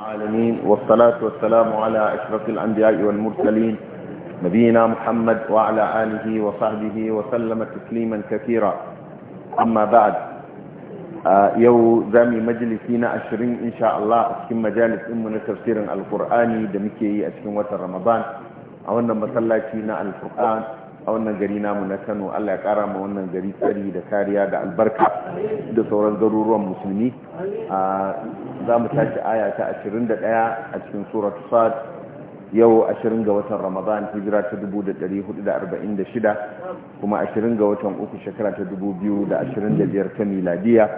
العالمين والصلاة والسلام على أشرف الأنبياء والمرسلين نبينا محمد وعلى آله وصحبه وسلم تسليما كثيرا أما بعد يو زامي مجلسنا عشرين إن شاء الله أسكن مجالس أمنا تفسير القرآن دمكي أسكن وتر رمضان أولنا مسلاتينا القرآن a wannan gari namu na kano allah ya kara ma wannan gari tsari da kariya da albarka da sauran garuruwan musulmi za mu tashi aya ta 21 a cikin surat fad yau 20 ga watan ramadan hijira ta 1446 kuma 20 ga watan uku shekara ta 2025 ta miladiya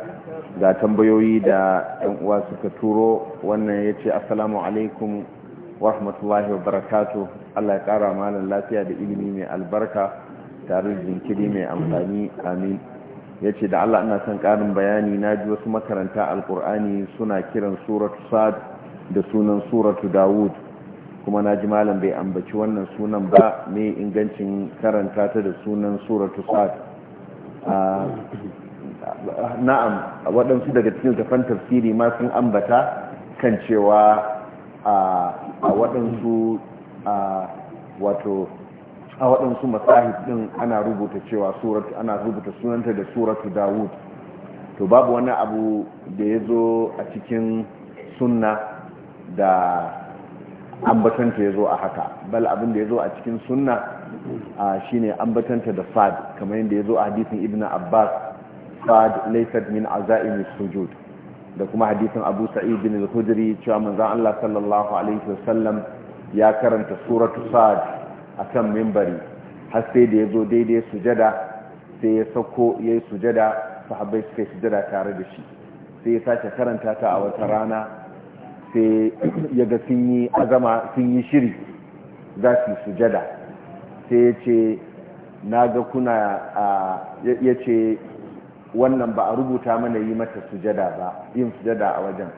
ga tambayoyi da yan uwa suka turo wannan ya ce assalamu alaikum wa rahmatullahi wa barakatuh Allah ya ƙara malam lafiya da ilimi mai albarka tare da jinkiri mai amfani amin ya ce da Allah ana son ƙarin bayani na ji wasu makaranta alƙur'ani suna kiran suratu sad da sunan suratu dawud kuma na ji malam bai ambaci wannan sunan ba mai ingancin karanta ta da sunan suratu sad na'am waɗansu daga cikin tafan tafsiri ma sun ambata kan cewa a waɗansu a wato a waɗansu masahib ɗin ana rubuta cewa ana rubuta sunanta da suratu dawud to babu wani abu da ya zo a cikin sunna da ambatanta ya zo a haka bal abin da ya zo a cikin sunna shine ambatanta da fad kamar yadda ya zo a hadisin ibn abbas fad laysat min azaimi sujud da kuma hadisin abu sa'id bin al-khudri cewa manzon Allah sallallahu alaihi wasallam ya karanta suratu sa'ad kan mimbari har sai da ya zo daidai sujada sai ya sauko ya yi sujada sahabbai suka yi sujada tare da shi sai ya sake karanta ta a wata rana sai ya ga sun yi azama sun yi shiri za su sujada sai ya ce na ga kuna ya ce wannan ba a rubuta mana yi mata sujada ba yin sujada a wajen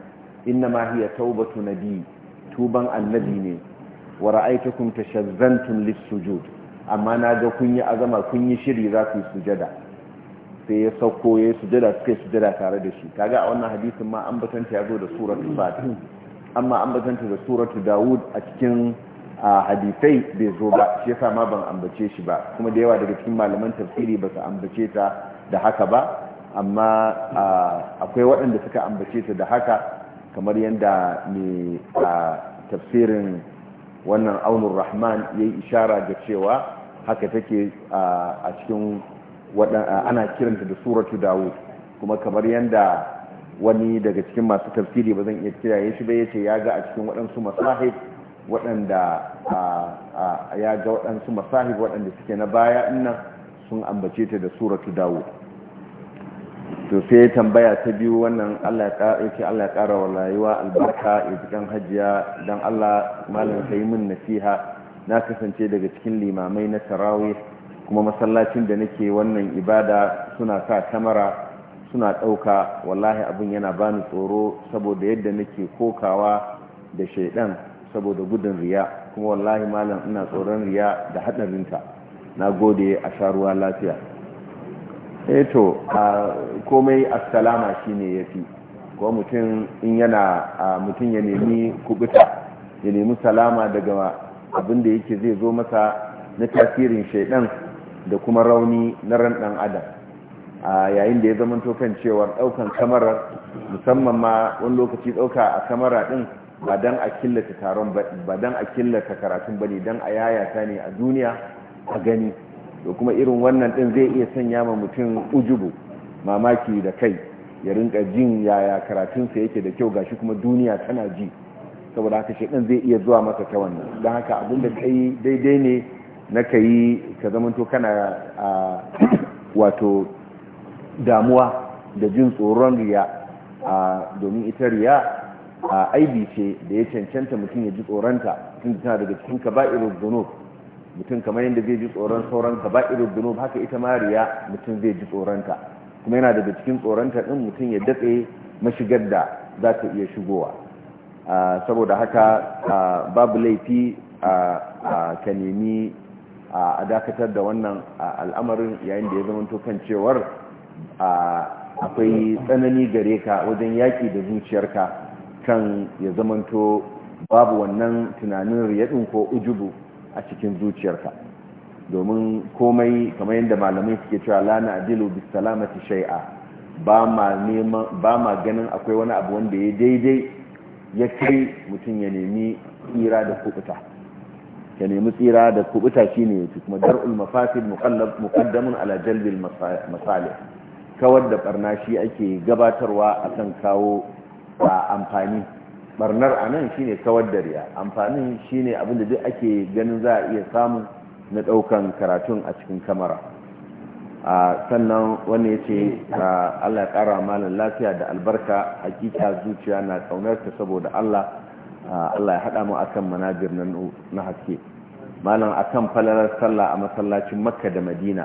inna ma hiya taubatu nabi tuban annabi ne wa ra'aytukum tashazzantum lis-sujud amma na ga kun yi azama kun yi shiri za ku yi sujada sai ya sauko ya sujada suka sujada tare da shi kaga a wannan hadisin ma an batanta ya zo da suratu fatih amma an batanta da suratu daud a cikin hadisai bai zo ba shi yasa ma ban ambace shi ba kuma da yawa daga cikin malaman tafsiri ba su ambace ta da haka ba amma akwai waɗanda suka ambace ta da haka kamar yadda mai tafsirin wannan aunin rahman ya yi ishara da cewa haka take a cikin ana kiranta da suratu dawud kuma kamar yadda wani daga cikin masu tafsiri ba zan iya kiraye shi ba ya ce ya ga a cikin waɗansu masahib waɗanda ya ga waɗansu masahib waɗanda suke na baya nan sun ambace ta da suratu dawud to sai tambaya ta biyu wannan Allah ya Allah ya ƙara wa rayuwa albarka a cikin hajiya don Allah malam ka yi min nasiha na kasance daga cikin limamai na tarawih kuma masallacin da nake wannan ibada suna sa kamara suna ɗauka wallahi abin yana bani tsoro saboda yadda nake kokawa da shaidan saboda gudun riya kuma wallahi malam ina tsoron riya da haɗarinta na gode a sha ruwa lafiya eto eh to komai assalama shine fi ko mutum in yana mutum ya nemi kubuta ya nemi salama daga abinda yake zai zo masa na tasirin shaidan da kuma rauni na ran dan adam a yayin da ya zama kan cewa daukan kamarar musamman ma wani lokaci dauka a kamara din ba dan a killata taron ba dan a killata karatun bane dan a yayata ne a duniya a gani to kuma irin wannan din zai iya sanya ma mutum ujubu mamaki da kai ya rinka jin yaya karatunsa yake da kyau gashi kuma duniya tana ji saboda haka shaidan zai iya zuwa masa ta wannan don haka abinda ka yi daidai ne na ka yi ka zamanto kana a wato damuwa da jin tsoron riya a domin ita riya a aibi ce da ya cancanta mutum ya ji tsoronta tun da tana daga cikin kaba'irin zunub mutum kamar yadda zai ji tsoron sauran kaba'irul dunub haka ita ma riya mutum zai ji tsoronta kuma yana daga cikin tsoronta din mutum ya datse mashigar da za ta iya shigowa saboda haka babu laifi ka nemi a dakatar da wannan al'amarin yayin da ya zamanto kan cewar akwai tsanani gare ka wajen yaƙi da zuciyarka kan ya zamanto babu wannan tunanin riyadun ko ujubu a cikin zuciyarka domin komai kamar yadda malamai suke cewa lana adilu bis salamati shay'a ba ma neman ba ma ganin akwai wani abu wanda ya daidai ya kai mutum ya nemi tsira da kubuta ya nemi tsira da kubuta shine yace kuma dar'ul mafasid muqallab muqaddamun ala jalbil masalih kawar da barnashi ake gabatarwa akan kawo amfani barnar a nan shine kawar da riya amfanin shine abin da duk ake ganin za a iya samu na daukan karatun a cikin kamara a sannan wani ya ce allah ya kara malin lafiya da albarka hakika zuciya na ta saboda allah allah ya haɗa mu akan manajir na haske malam akan falalar sallah a masallacin makka da madina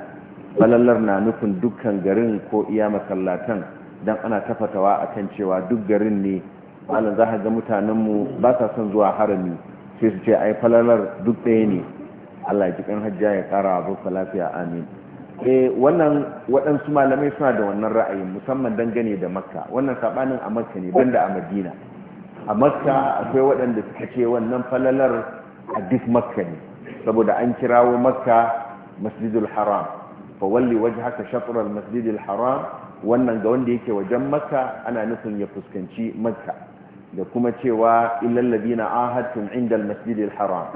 falalar na nufin dukkan garin ko iya masallatan don ana tafatawa akan cewa duk garin ne malam za ka ga mutanenmu ba sa son zuwa harami sai su ce ai falalar duk ɗaya ne allah kan hajja ya ƙara abokan lafiya amin eh wannan waɗansu malamai suna da wannan ra'ayin musamman dangane da makka wannan saɓanin a makka ne banda a madina a makka akwai waɗanda suka ce wannan falalar a duk makka ne saboda an kirawo makka masjidul haram fa walli waje haka al masjidil haram wannan ga wanda yake wajen makka ana nufin ya fuskanci makka da kuma cewa illal ladina ahadtum indal masjidil haram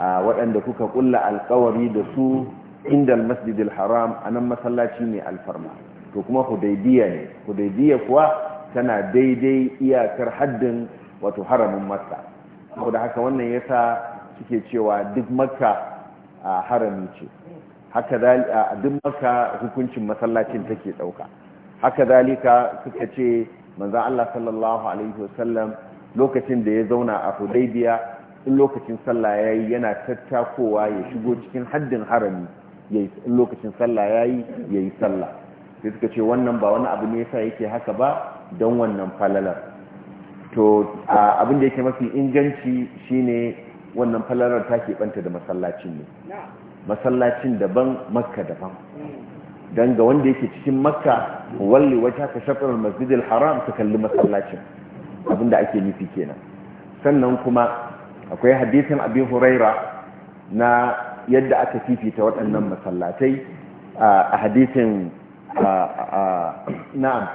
waɗanda kuka ƙulla alkawari da su indal masjidil haram anan masallaci ne alfarma to kuma hudaybiya ne hudaybiya kuwa tana daidai iyakar haddin wato haramin makka saboda haka wannan yasa suke cewa duk makka harami ce haka duk makka hukuncin masallacin take ɗauka haka dalika suka ce manzan Allah sallallahu alaihi wasallam lokacin da ya zauna a hudaibiya in lokacin sallah ya yi yana tattakowa ya shigo cikin haddin harami in lokacin sallah ya yi ya yi sallah sai suka ce wannan ba wani abu ne yasa yake haka ba don wannan falalar to abin da yake mafi inganci shine wannan falalar ta keɓanta da masallacin ne masallacin daban makka daban don ga wanda yake cikin makka walli wata ka shafar masjidil haram ta kalli masallacin abinda ake nufi kenan sannan kuma akwai hadisin abin huraira na yadda aka fifita waɗannan masallatai a hadisin na'am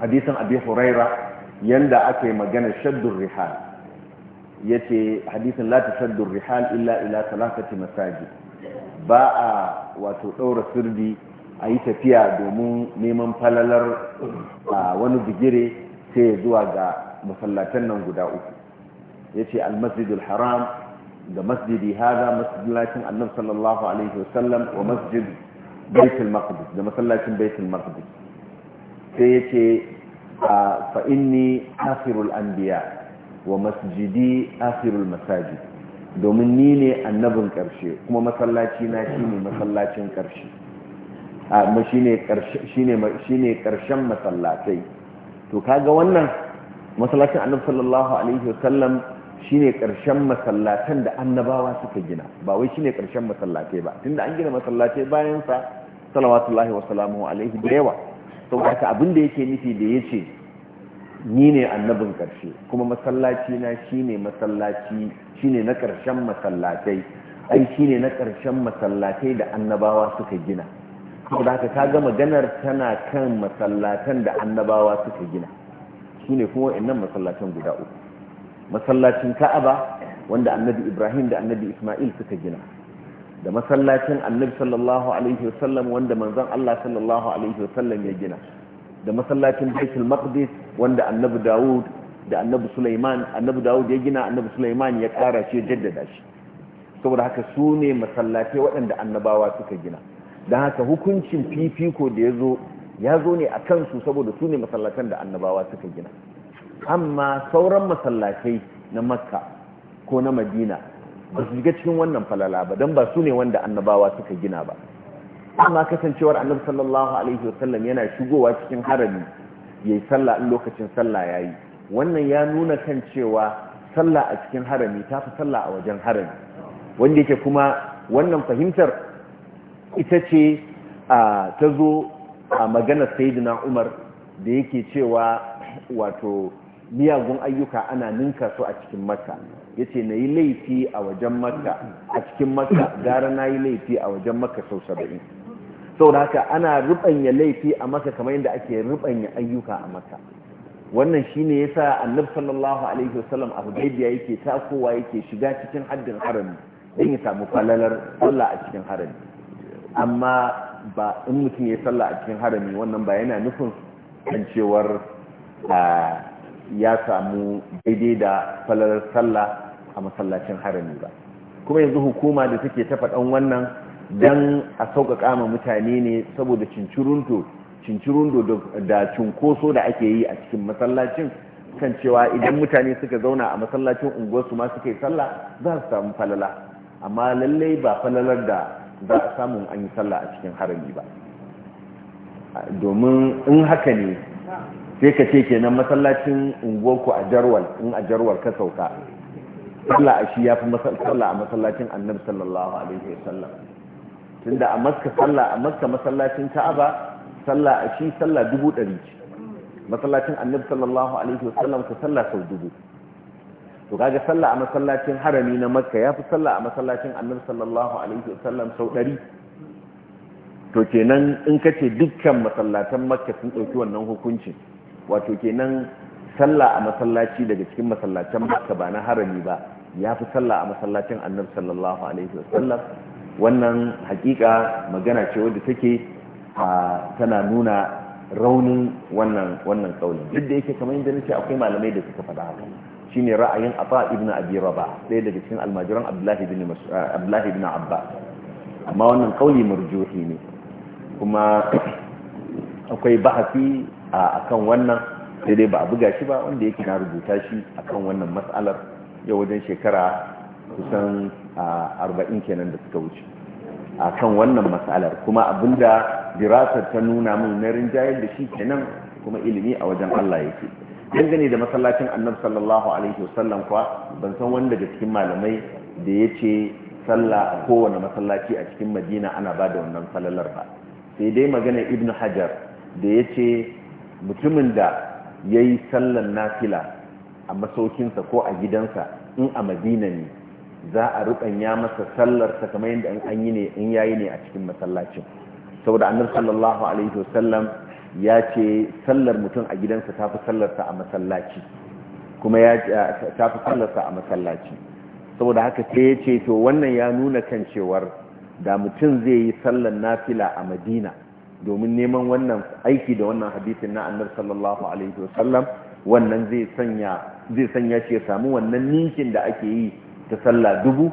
hadisin abin huraira yadda aka yi maganar shaddun rihal ya ce hadisin la shaddun rihal illa ila talatati masajid ba a wato ɗaura sirri a yi tafiya domin neman falalar a wani bigire sai ya zuwa ga masallatan nan guda uku ya ce almasjidul haram da masjidi haza masjidin annab sallallahu alaihi wasallam wa masjid baitul maqdis da masallacin baitul maqdis sai ya ce fa inni akhirul anbiya wa masjidi akhirul masajid domin ni ne annabin ƙarshe kuma masallaci na shi ne masallacin ƙarshe shi ne ƙarshen masallatai to kaga wannan masallacin annabi sallallahu alaihi wasallam shi ne ƙarshen masallatan da annabawa suka gina ba wai shi ne ƙarshen masallatai ba tunda an gina masallatai bayansa salawatullahi wasalamu alaihi da yawa sau da abin da yake nufi da ya ce ni ne annabin ƙarshe kuma masallaci na shine masallaci shine na ƙarshen masallatai ai ne na ƙarshen masallatai da annabawa suka gina saboda haka ka ga maganar tana kan masallatan da annabawa suka gina shine kuma wa'annan masallatan guda uku masallacin Ka'aba wanda annabi Ibrahim da annabi Ismail suka gina da masallacin annabi sallallahu alaihi wasallam wanda manzon Allah sallallahu alaihi wasallam ya gina da masallacin baitul maqdis wanda annabi dawud da annabi sulaiman annabi dawud ya gina annabi sulaiman ya kara shi jaddada shi saboda haka su ne masallace waɗanda annabawa suka gina don haka hukuncin fifiko da ya zo ya zo ne a kansu saboda su ne da annabawa suka gina amma sauran masallacai na makka ko na madina ba su shiga cikin wannan falala ba don ba su ne wanda annabawa suka gina ba amma kasancewar annabi sallallahu alaihi wasallam yana shigowa cikin harami yayi sallah in lokacin sallah yayi wannan ya nuna kan cewa sallah a cikin harami ta fi sallah a wajen harami wanda yake kuma wannan fahimtar ita ce ta zo a magana sayyidina Umar da yake cewa wato miyagun ayyuka ana ninka su a cikin makka ya ce laifi a wajen makka a cikin makka gara na yi laifi a wajen makka sau saba'in saboda haka ana rubanya laifi a maka kamar yadda ake rubanya ayyuka a maka wannan shine yasa annabi sallallahu alaihi wasallam a hudaybiya yake takowa yake shiga cikin haddin harami dan ya samu falalar sallah a cikin harami amma ba in mutum ya sallah a cikin harami wannan ba yana nufin an cewar ya samu daidai da falalar sallah a masallacin harami ba kuma yanzu hukuma da take ta faɗan wannan don a sauƙaƙa ma mutane ne saboda cincirunto cincirundo da cunkoso da ake yi a cikin masallacin kan cewa idan mutane suka zauna a masallacin unguwarsu ma suka yi sallah za su samu falala amma lallai ba falalar da za a samu an yi sallah a cikin harami ba domin in haka ne sai ka ce kenan masallacin unguwarku a jarwal in a jarwal ka sauka sallah a shi ya fi sallah a masallacin annabi sallallahu alaihi wasallam tunda a maska sallah a maska masallacin ka'aba sallah a shi sallah dubu ɗari ce masallacin annabi sallallahu alaihi wasallam ka sallah sau dubu to kaga sallah a masallacin harami na makka ya fi sallah a masallacin annabi sallallahu alaihi wasallam sau ɗari to kenan in ka ce dukkan masallatan makka sun ɗauki wannan hukuncin wato kenan sallah a masallaci daga cikin masallacin makka ba na harami ba ya fi sallah a masallacin annabi sallallahu alaihi wasallam wannan hakika magana ce wadda take a tana nuna raunin wannan wannan kaulin duk da yake kamar yadda nace akwai malamai da suka faɗa haka shine ra'ayin Afa ibn Abi Rabah ɗaya daga cikin almajiran Abdullahi ibn Abdullahi ibn Abbas amma wannan kauli marjuhi ne kuma akwai bahasi akan wannan sai dai ba a buga shi ba wanda yake na rubuta shi akan wannan mas'alar yau wajen shekara kusan arba'in kenan da suka wuce a kan wannan matsalar kuma da dirasar ta nuna mun na rinjayar da shi kenan kuma ilimi a wajen Allah yake dangane da masallacin annabi sallallahu alaihi wasallam kuwa ban san wanda daga cikin malamai da ya ce sallah a kowane masallaci a cikin madina ana ba da wannan sallalar ba sai dai magana ibnu hajar da ya ce mutumin da ya yi sallan nafila a masaukinsa ko a gidansa in a madina ne za a rukanya masa sallar sa kamar yadda an yi ne in yayi ne a cikin masallacin saboda annabi sallallahu alaihi wasallam ya ce sallar mutum a gidansa ta fi sallarsa a masallaci kuma ya tafi sallar a masallaci saboda haka sai ya ce to wannan ya nuna kan cewar da mutum zai yi sallar nafila a Madina domin neman wannan aiki da wannan hadisin na annabi sallallahu alaihi wasallam wannan zai sanya zai sanya shi ya samu wannan ninkin da ake yi ta sallah dubu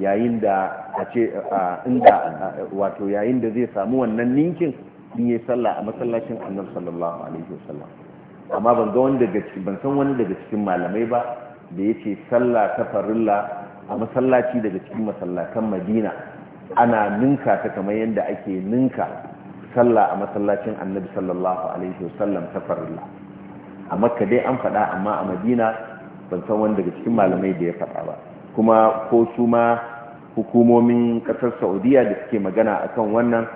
yayin da a ce inda wato yayin da zai samu wannan ninkin in yi sallah a masallacin annabi sallallahu alaihi wasallam amma ban ga wani daga cikin ban san wani daga cikin malamai ba da yace sallah ta farilla a masallaci daga cikin masallatan Madina ana ninka ta kamar yadda ake ninka sallah a masallacin annabi sallallahu alaihi wasallam ta farilla a makka dai an faɗa amma a madina ban san wani daga cikin malamai da ya faɗa ba kuma ko su ma hukumomin kasar saudiya da suke magana a kan wannan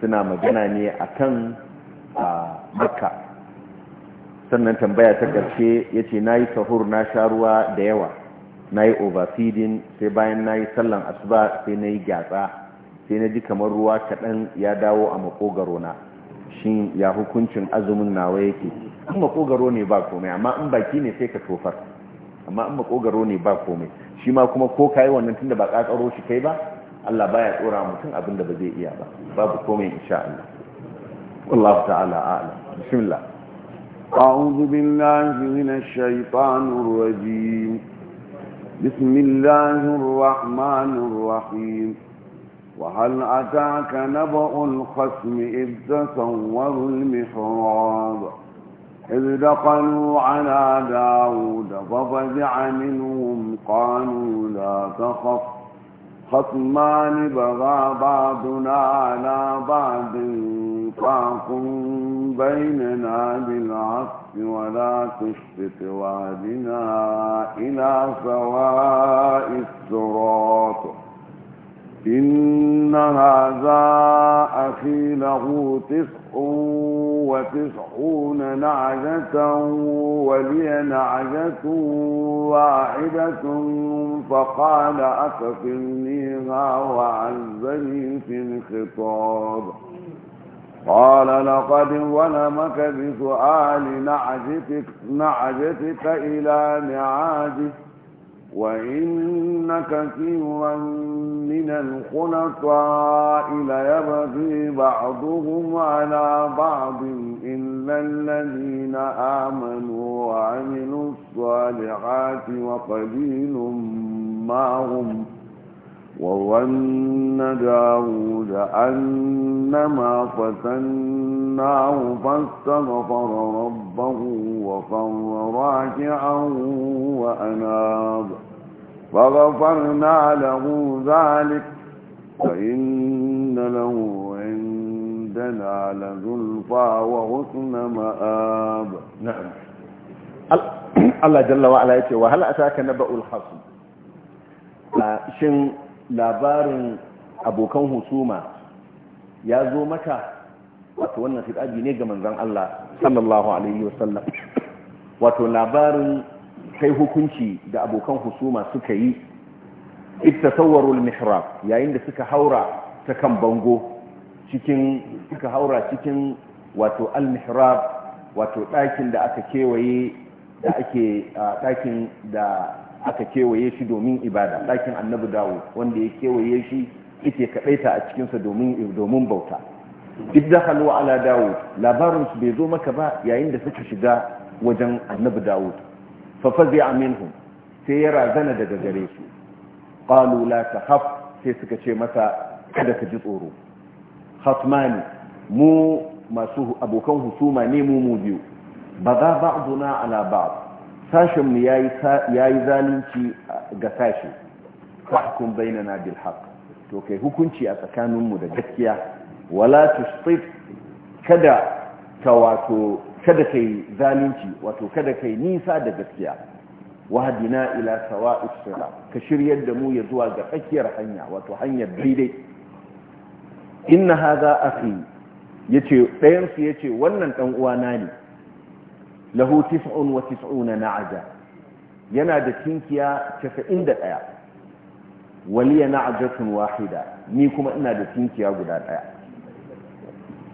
suna magana ne kan a makka sannan tambaya ta karshe ya ce na yi sahur na sha ruwa da yawa na yi overfeeding sai bayan na yi sallan asuba sai na yi gyatsa sai na ji kamar ruwa kaɗan ya dawo a makogaro na shi ya hukuncin azumin nawa yake in makogaro ne ba komai amma in baki ne sai ka tofar amma in makogaro ne ba komai shi ma kuma ko kayi wannan tunda ba kakaro shi kai ba Allah baya tsora mutum abin da ba zai iya ba babu komai insha Allah wallahu ta'ala a'lam bismillah أعوذ بالله من الشيطان الرجيم بسم الله الرحمن الرحيم وهل أتاك نبأ الخصم إذ تصوروا المحراب إذ دخلوا على داود ففزع منهم قالوا لا تخف خصمان بغى بعضنا على بعض فاقم بيننا بالعصف ولا تشفق وعدنا إلى سواء الصراط إن هذا أخي له تسع وتسعون نعجة ولي نعجة واحدة فقال أكفلنيها وعزني في الخطاب قال لقد ظلمك بسؤال نعجتك, نعجتك إلى نعاجه وإن كثيرا من الخلطاء ليبغي بعضهم على بعض إلا الذين آمنوا وعملوا الصالحات وقليل ما هم وظن داود أنما فتناه فاستغفر ربه وقر راكعا وأناب فغفرنا له ذلك فإن له عندنا لزلفى وغسن مآب نعم الله جل وعلا يقول وهل أتاك نبأ الخصم لا شن لا بار أبو كونه سوما يا زومك وتونا في الأجي من ذن الله صلى الله عليه وسلم وتو بار kai hukunci da abokan husuma suka yi ita tsawarul mihrab yayin da suka haura ta kan bango cikin suka haura cikin wato al-mihrab wato ɗakin da aka kewaye da ake ɗakin da aka kewaye shi domin ibada ɗakin annabi dawo wanda ya kewaye shi ita ta a cikinsa domin bauta duk halwa ala dawo labarinsu bai zo maka ba yayin da suka shiga wajen annabi dawud fa fazi'a minhum sai ya razana daga gare su qalu la sai suka ce masa kada ka ji tsoro khatmani mu masu abokan husuma ne mu mu biyu ba za ba'duna ala ba sashin mu yayi zalunci ga sashi fahkum na bil haq to kai hukunci a tsakaninmu da gaskiya wala tusfif kada ta wato kada kai zalunci wato kada kai nisa da gaskiya Wahadina ila sawa'is sirat ka shiryar da mu ya zuwa ga tsakiyar hanya wato hanyar daidai inna hadha akhi yace ɗayansu su yace wannan dan uwana ne lahu wa 99 na'aja yana da tinkiya ɗaya. waliya na'ajatun wahida ni kuma ina da tinkiya guda ɗaya.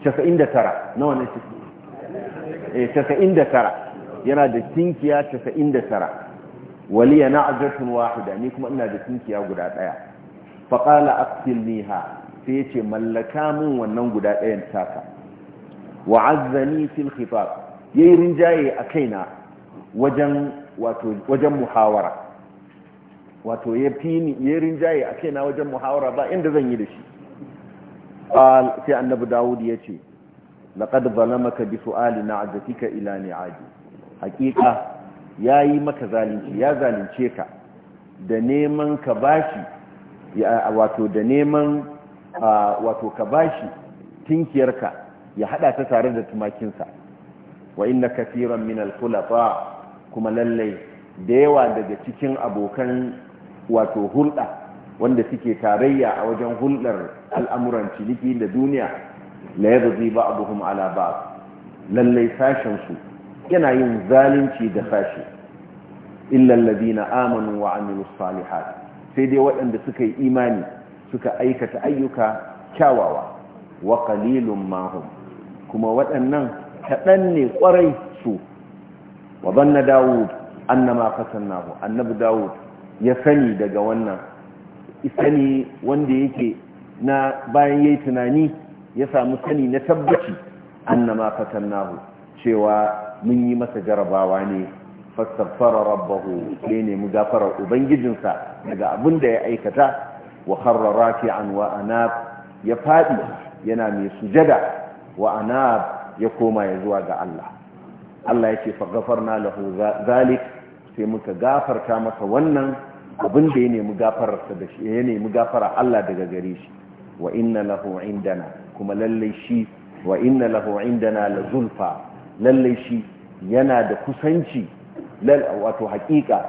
daya 99 nawa ne 99 eh, yana da tinkiya 99 waliya na na'jatun wahida ni kuma ina da tinkiya guda daya Faƙala qala Niha sai ce mallaka min wannan guda dayan taka wa azzani fil khitab yayi rinjaye a kaina wajen wato wajen muhawara wato ya fini yayi rinjaye a kaina wajen muhawara ba inda zan yi da shi sai annabi dawud ya ce. laqad zalamaka bi su'ali na'ajatika ila ni'aji hakika yayi maka zalunci ya zalunce ka da neman ka bashi wato da neman wato ka bashi tinkiyarka ya hada ta tare da tumakinsa wa inna kaseeran min al-khulafa kuma lalle da yawa daga cikin abokan wato hulɗa wanda suke tarayya a wajen hulɗar al'amuran ciniki da duniya la ba ba'dhum ala ba'd lalle sashen su yana yin zalunci da sashi illa na amanu wa amilus salihat sai dai waɗanda suka yi imani suka aikata ayyuka kyawawa wa qalilum ma kuma waɗannan kaɗan ne ƙwarai su wa banna dawud annama fasannahu annabi dawud ya sani daga wannan sani wanda yake na bayan yayi tunani ya samu sani na tabbaci annama nahu. cewa mun yi masa jarabawa ne fastaghfara rabbahu sai ne mu gafara ubangijinsa daga abin da ya aikata wa kharra an wa anab ya faɗi yana mai sujada Wa'ana ya koma ya zuwa ga Allah Allah ya ce fa gafarna lahu zalik sai muka gafarta masa wannan abin da ya nemi gafararsa da shi ya nemi gafara Allah daga gare shi wa inna lahu indana kuma lallai shi wa inna lahu indana la zulfa lallai shi yana da kusanci wato haƙiƙa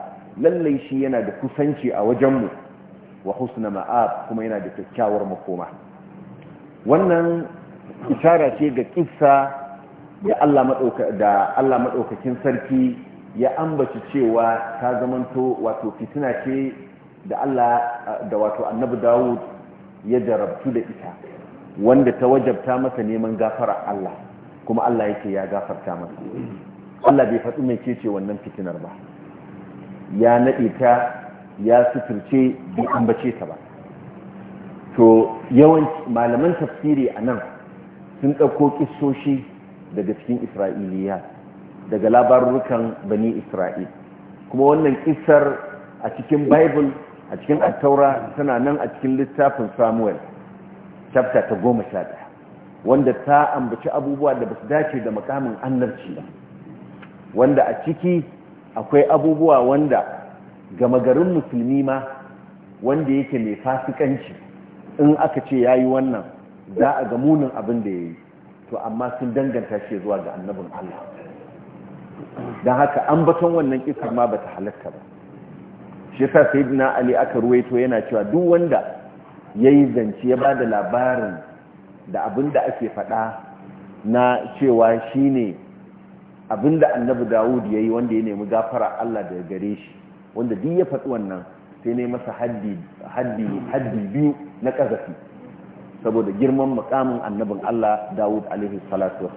lallai shi yana da kusanci a wajenmu wa husna ma'ab kuma yana da kyakkyawar makoma wannan isara ce ga kissa da Allah maɗaukakin sarki ya ambaci cewa ta zamanto wato fitina ce da Allah da wato annabi Dawud ya jarabtu da ita wanda ta wajabta masa neman gafara Allah kuma Allah yake ya gafarta masa Allah bai faɗi mai ce wannan fitinar ba ya naɗe ta ya suturce bai ambace ta ba to yawanci, malaman tafsiri a nan sun ɗauko ƙisoshi daga cikin isra'iliya daga labarurukan bani isra'il kuma wannan ƙisar a cikin bible a cikin attaura tana nan a cikin littafin samuel chapter ta goma sha ɗaya wanda ta ambaci abubuwa da basu dace da makamin annabci ba wanda a ciki akwai abubuwa wanda gama garin musulmi ma wanda yake mai fasikanci in aka ce ya yi wannan za a ga munin abin da ya yi to amma sun danganta shi zuwa ga annabin Allah don haka ambaton wannan ƙisar ma ba ta halatta ba shi sa sai Ali aka ruwaito yana cewa duk wanda ya yi zance ya ba da labarin da abin da ake faɗa na cewa shi ne abin da annabi dawud ya yi wanda ya nemi gafara allah daga gare shi wanda duk ya faɗi wannan sai ne masa haddi biyu na ƙazafi saboda girman makamin annabin allah dawud alaihi salatu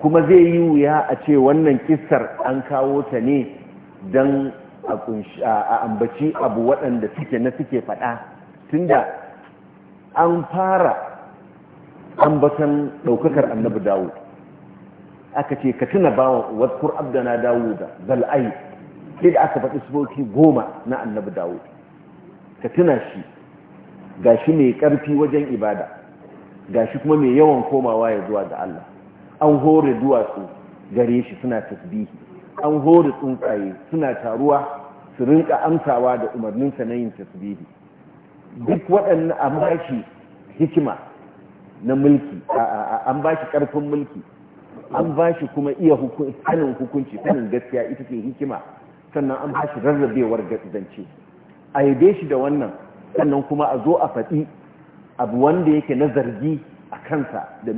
kuma zai yi wuya a ce wannan kisar an kawo ta ne don a ambaci abu waɗanda suke na suke faɗa tunda an fara ambatan ɗaukakar annabi dawud aka ce ka tuna bawa wadkur abdana da zal'ai sai da aka faɗi sifofi goma na annabi dawud ka tuna shi ga shi mai ƙarfi wajen ibada ga shi kuma mai yawan komawa ya zuwa ga Allah an hore duwatsu gare shi suna tasbihi an hori tsuntsaye suna taruwa su rinka amsawa da umarninsa na yin tasbihi duk waɗannan an ba shi hikima na mulki an ba shi ƙarfin mulki an ba shi kuma iya sanin hukunci sanin gaskiya ita ce hikima sannan an ba shi rarrabewar zance a yabe shi da wannan sannan kuma a zo a faɗi abu wanda yake na zargi a kansa da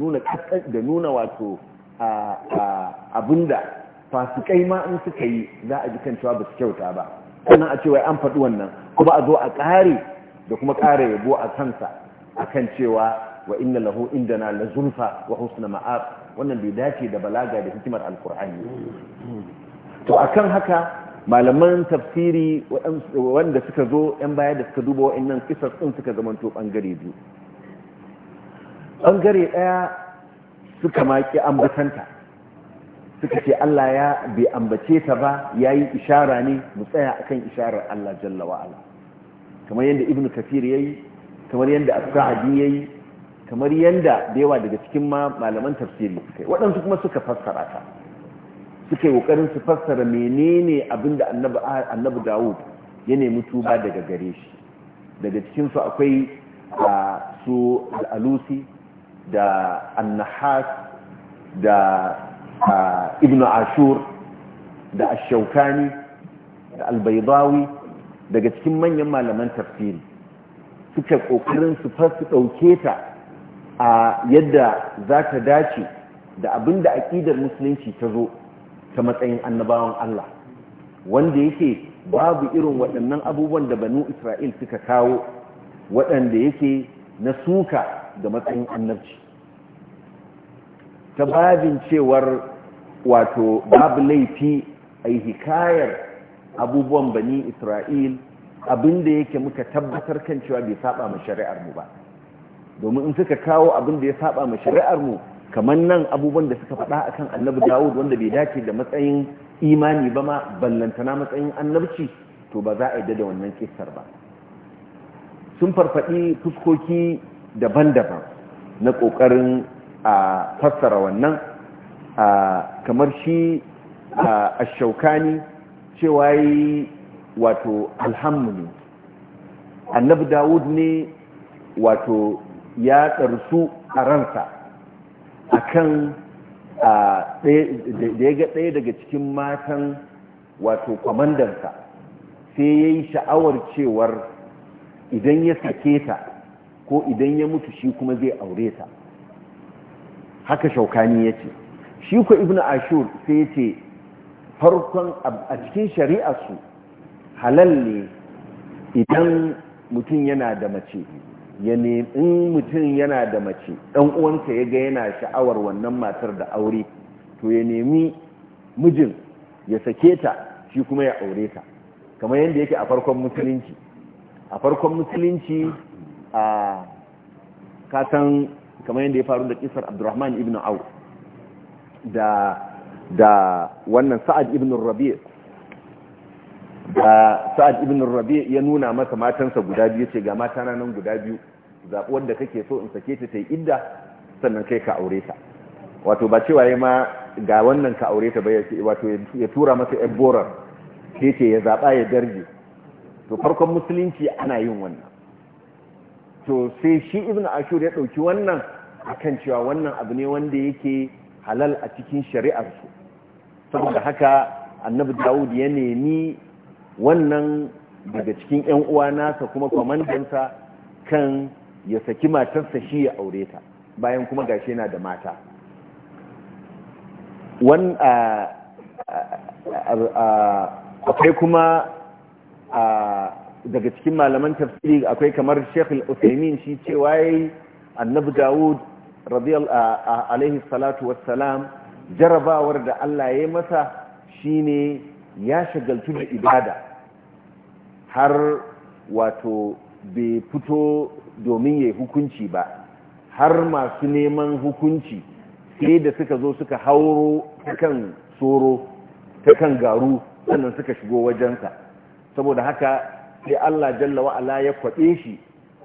nuna wato da. fasikai ma in suka yi za a ji kan cewa ba su kyauta ba sannan a cewa an faɗi wannan kuma a zo a ƙare da kuma ƙara yabo a kansa akan cewa wa inna lahu indana la zulfa wa husna ma'ab wannan bai dace da balaga da hikimar alkur'ani to akan haka malaman tafsiri wanda suka zo yan baya da suka duba wa'annan kisar ɗin suka zamanto bangare biyu bangare daya suka maki ambatanta suka ce Allah ya bai ambace ta ba ya yi ishara ne mu tsaya kan isharar Allah jalla wa'ala kamar yadda ibnu kafir yayi kamar yadda as ya yi kamar yadda da yawa daga cikin ma malaman tafsiri suka yi waɗansu kuma suka fassara ta suka yi kokarin su fassara menene abin da annabi Dawud ya nemi tuba daga gare shi daga cikin su akwai su alusi da annahas da ibn ashur da ashaukani da albaidawi daga cikin manyan malaman tafsiri suka kokarin su fasu dauke ta a yadda za ta dace da abinda da aƙidar musulunci ta zo ta matsayin annabawan Allah wanda yake babu irin waɗannan abubuwan da banu Isra'il suka kawo waɗanda yake na suka ga matsayin annabci ta babin cewar wato babu laifi a yi hikayar abubuwan bani isra'il abinda yake muka tabbatar kan cewa bai saba ma shari'ar mu ba domin in suka kawo abinda ya saba ma shari'ar mu kamar nan abubuwan da suka faɗa a kan annabi dawud wanda bai dace da matsayin imani ba ma ballantana matsayin annabci to ba za a yi da wannan kisar ba sun farfaɗi fuskoki daban-daban na ƙoƙarin a fassara wannan kamar shi a shaukani cewa yi wato alhammu annabi dawud ne wato ya tsarsu a ransa kan da ya ga ɗaya daga cikin matan wato kwamandansa sai ya yi sha'awar cewar idan ya sake ta ko idan ya mutu shi kuma zai aure ta haka shaukani ya ce shi ku ibn ashur sai ya ce farkon a cikin shari'arsu halal ne idan mutum yana da mace ya nemi mutum yana da mace ɗan uwansa ya ga yana sha'awar wannan matar da aure to ya nemi mijin ya sake ta shi kuma ya aure ta kamar yadda yake a farkon musulunci a farkon musulunci a kasan kamar yadda ya faru da kisar abdurrahman ibn au da da wannan sa'ad ibn rabi' da sa'ad ibn rabi' ya nuna masa matansa guda biyu ce ga mata nan guda biyu zaɓi da kake so in sake ta ta yi idda sannan kai ka aure ta wato ba cewa ya ma ga wannan ka aure ta bai wato ya tura masa yan borar sai ce ya zaɓa ya darje to farkon musulunci ana yin wannan to sai shi ibn ashur ya ɗauki wannan kan cewa wannan abu ne wanda yake halal a cikin shari'arsu saboda haka annabi dawud ya nemi wannan daga cikin 'yan uwa nasa kuma kwamandansa kan ya saki matarsa shi ya aure ta bayan kuma gashi yana da mata akwai kuma daga cikin malaman tafsiri akwai kamar shekul usaimin shi cewa yi annabi dawud alaihi salatu wassalam jarabawar da Allah ya yi masa shine ya shagaltu da ibada har wato bai fito domin ya hukunci ba har masu neman hukunci sai da suka zo suka hauro ta kan tsoro ta kan garu sannan suka shigo wajensa saboda haka sai Allah jalla wa'ala ya kwaɗe shi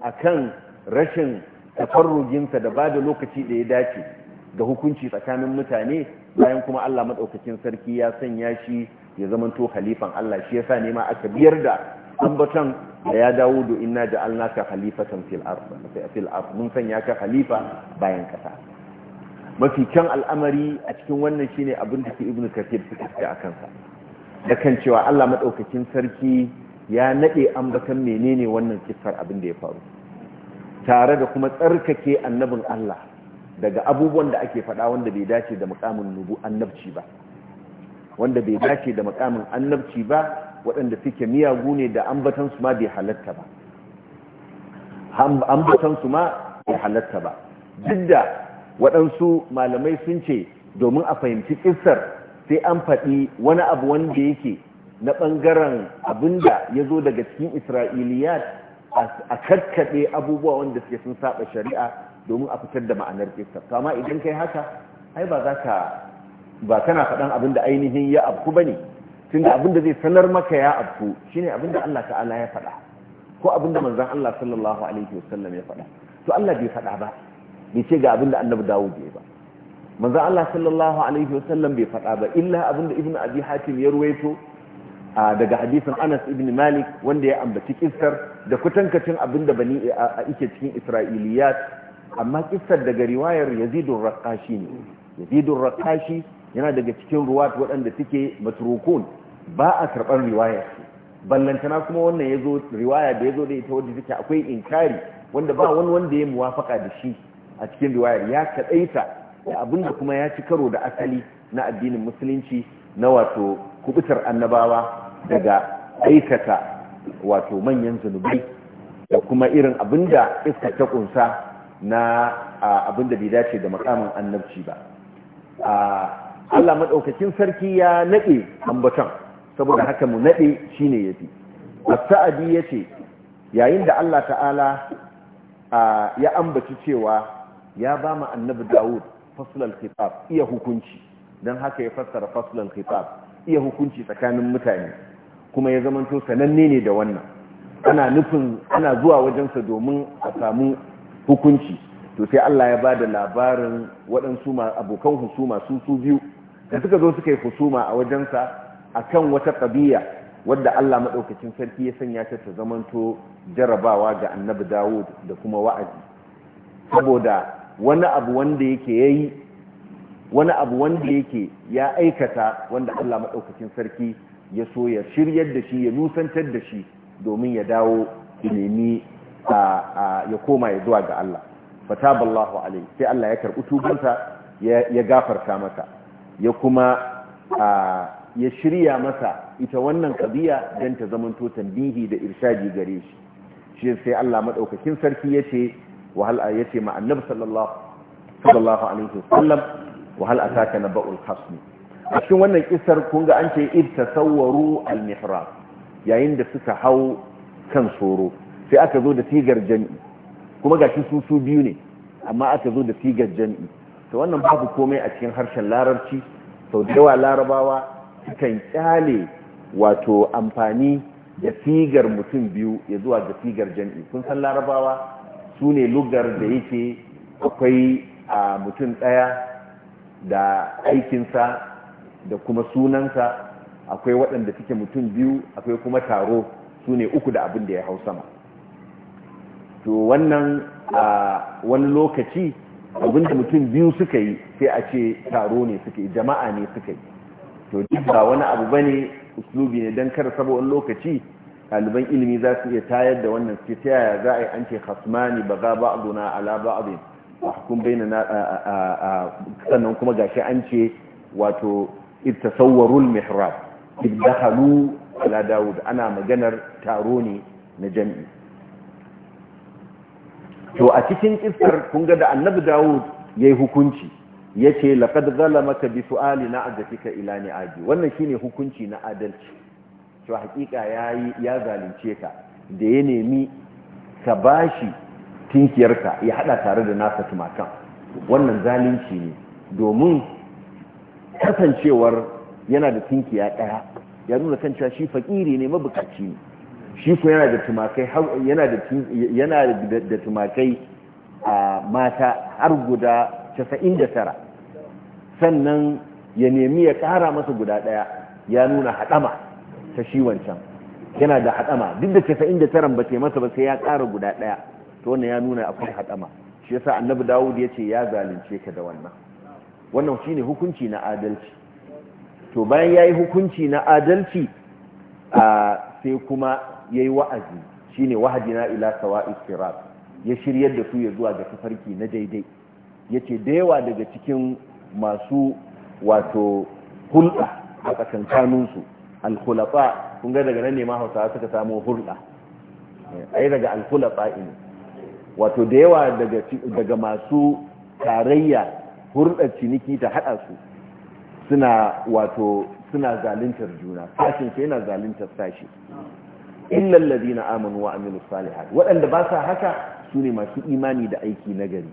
a kan rashin tafarruginsa da ba da lokaci da ya dace ga hukunci tsakanin mutane bayan kuma Allah maɗaukakin sarki ya sanya shi ya to halifan Allah shi ya ne ma aka biyar da ambatan da ya dawo do inna ja'alnaka khalifatan fil a fil mun sanya ka khalifa bayan kasa mafi kyan al'amari a cikin wannan shine abin da ke ibnu kafir su ce a kansa da kan cewa Allah maɗaukakin sarki ya naɗe ambatan menene wannan kissar abin da ya faru tare da kuma tsarkake annabin Allah daga abubuwan da ake faɗa wanda bai dace da mukamin nubu annabci ba wanda bai dace da mukamin annabci ba waɗanda suke miyagu ne da ambatansu ma bai halatta ba ambatansu ma bai halatta ba duk da waɗansu malamai sun ce domin a fahimci ƙisar sai an faɗi wani abu wanda yake na ɓangaren abinda ya zo daga cikin isra'iliyat a karkade abubuwa wanda suke sun saba shari'a domin a fitar da ma'anar to amma idan kai haka ai ba za ka ba kana faɗan abin da ainihin ya abku ba ne tun da abin da zai sanar maka ya abku shine abin da Allah ta'ala ya faɗa ko abin da manzon Allah sallallahu alaihi wasallam ya faɗa to Allah bai faɗa ba bai ce ga abin da annabi Dawud ya ba manzon Allah sallallahu alaihi wasallam bai faɗa ba illa abin da Ibn Abi Hatim ya ruwaito daga hadisin Anas ibn Malik wanda ya ambaci kissar da kutankacin abinda bani a ike cikin Isra'iliyat amma kissar daga riwayar Yazidun Raqashi ne Yazidun rakashi yana daga cikin ruwat waɗanda suke matrukun ba a karɓar riwayar ballantana kuma wannan yazo riwaya da yazo da ita wanda take akwai inkari wanda ba wani wanda ya muwafaka da shi a cikin riwayar ya kadaita da abinda kuma ya ci karo da asali na addinin musulunci na wato kubutar annabawa daga aikata wato manyan zunubi da kuma irin abinda iska ta kunsa na abinda bai dace da makamin annabci ba Allah maɗaukakin sarki ya naɗe ambaton saboda haka mu naɗe shine yafi as ya yace yayin da Allah ta'ala ya ambaci cewa ya ba mu annabi Dawud faslal khitab iya hukunci Don haka ya fassara faslal khitab iya hukunci tsakanin mutane kuma ya zamanto sananne ne da wannan ana nufin ana zuwa wajensa domin a samu hukunci to sai Allah ya bada labarin waɗansu abokan husuma su su biyu da suka zo suka yi husuma a wajensa akan wata ƙabiya wadda Allah maɗaukacin sarki ya sanya ta ta zamanto jarabawa ga annabi Dawud da kuma wa'azi saboda wani abu wanda yake yayi wani abu wanda yake ya aikata wanda Allah maɗaukacin sarki ya so ya shiryar da shi ya nusantar da shi domin ya dawo ilimi ya koma ya zuwa ga Allah fataballahu alai sai Allah ya karɓi tubanta ya gafarta masa ya kuma ya shirya masa ita wannan kabiya don ta zamanto tambihi da irshadi gare shi shi sai Allah madaukakin sarki yace wa hal yace ma annabi sallallahu alaihi wasallam wa ataka naba'ul a cikin wannan kisar kun ga an ce id tasawwaru al-mihrab yayin da suka hau kan soro sai aka zo da tigar jami'i kuma ga su su biyu ne amma aka zo da tigar jami'i to wannan babu komai a cikin harshen larabci sau da yawa larabawa sukan kyale wato amfani da tigar mutum biyu ya zuwa da tigar jami'i kun san larabawa su ne lugar da yake akwai a mutum ɗaya da aikinsa da kuma sunansa akwai waɗanda suke mutum biyu akwai kuma taro su ne uku da abin da ya hau sama to wannan a wani lokaci abin da mutum biyu suka yi sai a ce taro ne suka yi jama'a ne suka yi to duk ba wani abu ba ne uslubi ne don kar sabo wani lokaci ɗaliban ilimi za su iya tayar da wannan suke ta yaya za a yi an ce hasmani ba za ba a ala ba a hukun bai na sannan kuma gashi an ce wato id tasawwarul mihrab id dakhalu ala daud ana maganar taro ne na jami'i to a cikin kissar kun ga da annabi daud yayi hukunci yace laqad zalamaka bi su'ali ka ila aji. wannan shine hukunci na adalci to haƙiƙa yayi ya zalunce ka da ya nemi ka bashi tinkiyarka ya hada tare da nasa tumakan wannan zalunci ne domin kasancewar yana da tinkiya ɗaya ya nuna kan cewa shi fakiri ne mabukaci ne shi ko yana da tumakai yana da yana da tumakai a mata har guda 99 sannan ya nemi ya kara masa guda ɗaya ya nuna haɗama ta shi wancan yana da haɗama duk da 99 ba ce masa ba sai ya kara guda ɗaya to wannan ya nuna akwai haɗama shi yasa annabi dawud ya ce ya zalunce ka da wannan wannan shine hukunci na adalci to bayan ya yi hukunci na adalci sai kuma ya yi wa'azi Shi ne wahadina na ilasawa sirat ya shiryar da su ya zuwa ga tafarki na daidai Ya ce da yawa daga cikin masu wato hulɗa a kanunsu alkhulafa kun ga daga nan ne ma hausawa suka samu hulɗa ai daga alkhulafa ne wato da yawa daga masu tarayya hurɗar ciniki ta haɗa su suna wato suna zaluntar juna sashin sai yana zaluntar sashi illal ladina amanu wa Aminu salihat waɗanda ba sa haka su ne masu imani da aiki nagari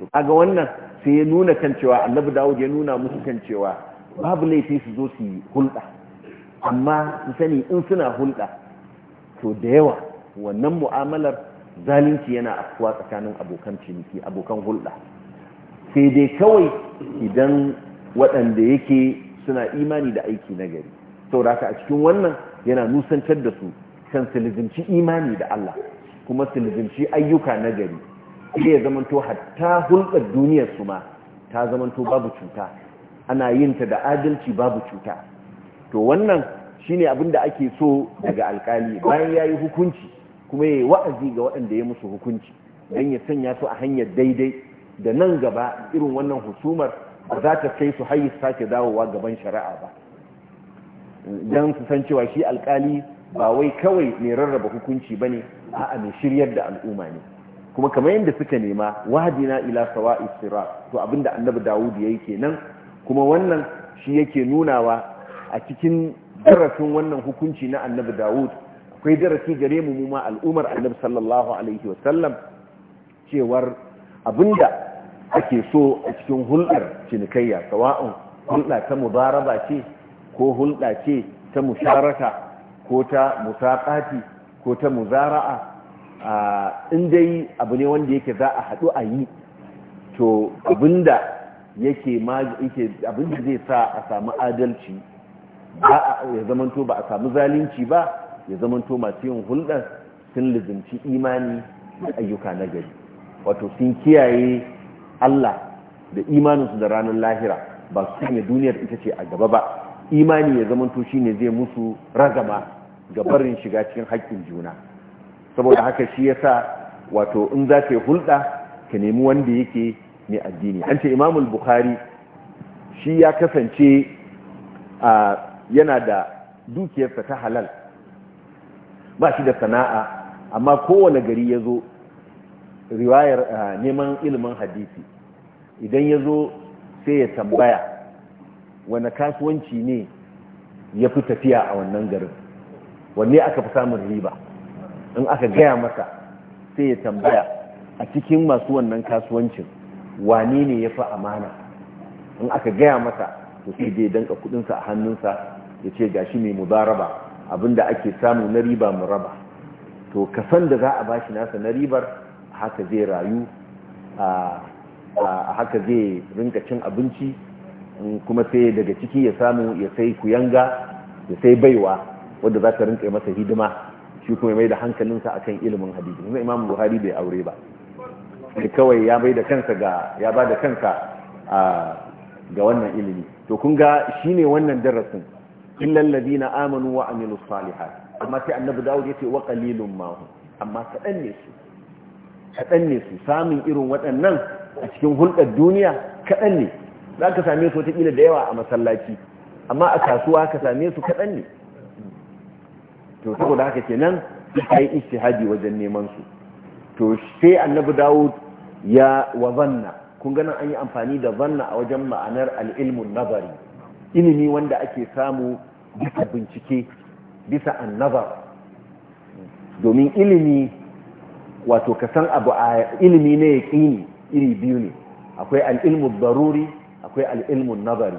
to kaga wannan sai ya nuna kan cewa annabi dawud ya nuna musu kan cewa babu laifi su zo su yi hulɗa amma su sani in suna hulɗa to da yawa wannan mu'amalar zalunci yana afkuwa tsakanin abokan ciniki abokan hulɗa sai dai kawai idan waɗanda yake suna imani da aiki na gari sauraka a cikin wannan yana nusantar da su kan silizinci imani da Allah kuma silizinci ayyuka nagari. gari ya zamanto hatta hulɗar duniyar su ma ta zamanto babu cuta ana yin ta da adalci babu cuta to wannan shine abin da ake so daga alkali bayan ya yi hukunci kuma ya yi wa'azi ga waɗanda ya musu hukunci dan ya sanya su a hanyar daidai da nan gaba irin wannan husumar ba za ta kai su hayi sake dawowa gaban shari'a ba don su san cewa shi alkali ba wai kawai mai rarraba hukunci ba ne a mai shiryar da al'umma ne kuma kamar yadda suka nema na ila sawa isra to abinda annabi dawud ya yi kenan kuma wannan shi yake nunawa a cikin darasin wannan hukunci na annabi dawud akwai darasi gare mu mu ma al'umar annabi sallallahu alaihi wasallam cewar abinda ake so a cikin hulɗar cinikayya sawa'un hulɗa ta mubaraba ce ko hulɗa ce ta musharaka ko ta musaƙati ko ta muzara'a in dai abu ne wanda yake za a haɗu a yi to abinda yake abinda zai sa a samu adalci ya zamanto ba a samu zalunci ba ya zamanto masu yin hulɗar sun lizinci imani da ayyuka na gari wato sun kiyaye Allah da imaninsu da ranar lahira ba su sanya duniyar ita ce a gaba ba imani ya zamanto to shine zai musu ragama ga barin shiga cikin haƙƙin juna saboda haka shi yasa wato in za ka yi hulɗa ka nemi wanda yake mai addini an ce imamul bukhari shi ya kasance a yana da dukiyarsa ta halal ba shi da sana'a amma kowane gari ya zo riwayar ah, neman ilimin hadisi idan ya zo sai ya tambaya wani kasuwanci ne ya fi tafiya a wannan garin wanne aka fi samun riba in aka gaya masa sai ya tambaya a cikin masu wannan kasuwancin wane ne ya fi amana in aka gaya masa to sai dai danka kudinsa a hannunsa ya ce shi mai mubaraba abinda ake samu na riba mu raba to kasan da za a bashi nasa na ribar haka zai rayu a haka zai rinka cin abinci kuma sai daga ciki ya samu ya sai yanga ya sai baiwa wadda za ta rinka masa hidima shi kuma mai da hankalinsa kan ilimin hadisi kuma imam buhari bai aure ba da kawai ya bai da kansa ga ya ba da kansa ga wannan ilimi to kun ga shi ne wannan darasin illal na amanu wa amilus salihat amma sai annabi dawud yace wa qalilun ma amma kadan ne su kaɗan ne su samun irin waɗannan a cikin hulɗar duniya kaɗan ne za ka same su wataƙila da yawa a masallaci amma a kasuwa ka same su kaɗan ne to saboda haka ke kenan ka yi istihadi wajen neman su to sai annabi dawud ya wa zanna kun ganin an yi amfani da zanna a wajen ma'anar al'ilmun nazari ilimi wanda ake samu bisa bincike bisa annabar domin ilimi wato ka san abu a ilimi ne ya yaqini iri biyu ne akwai al'ilmu ilmu daruri akwai al’ilmu nazari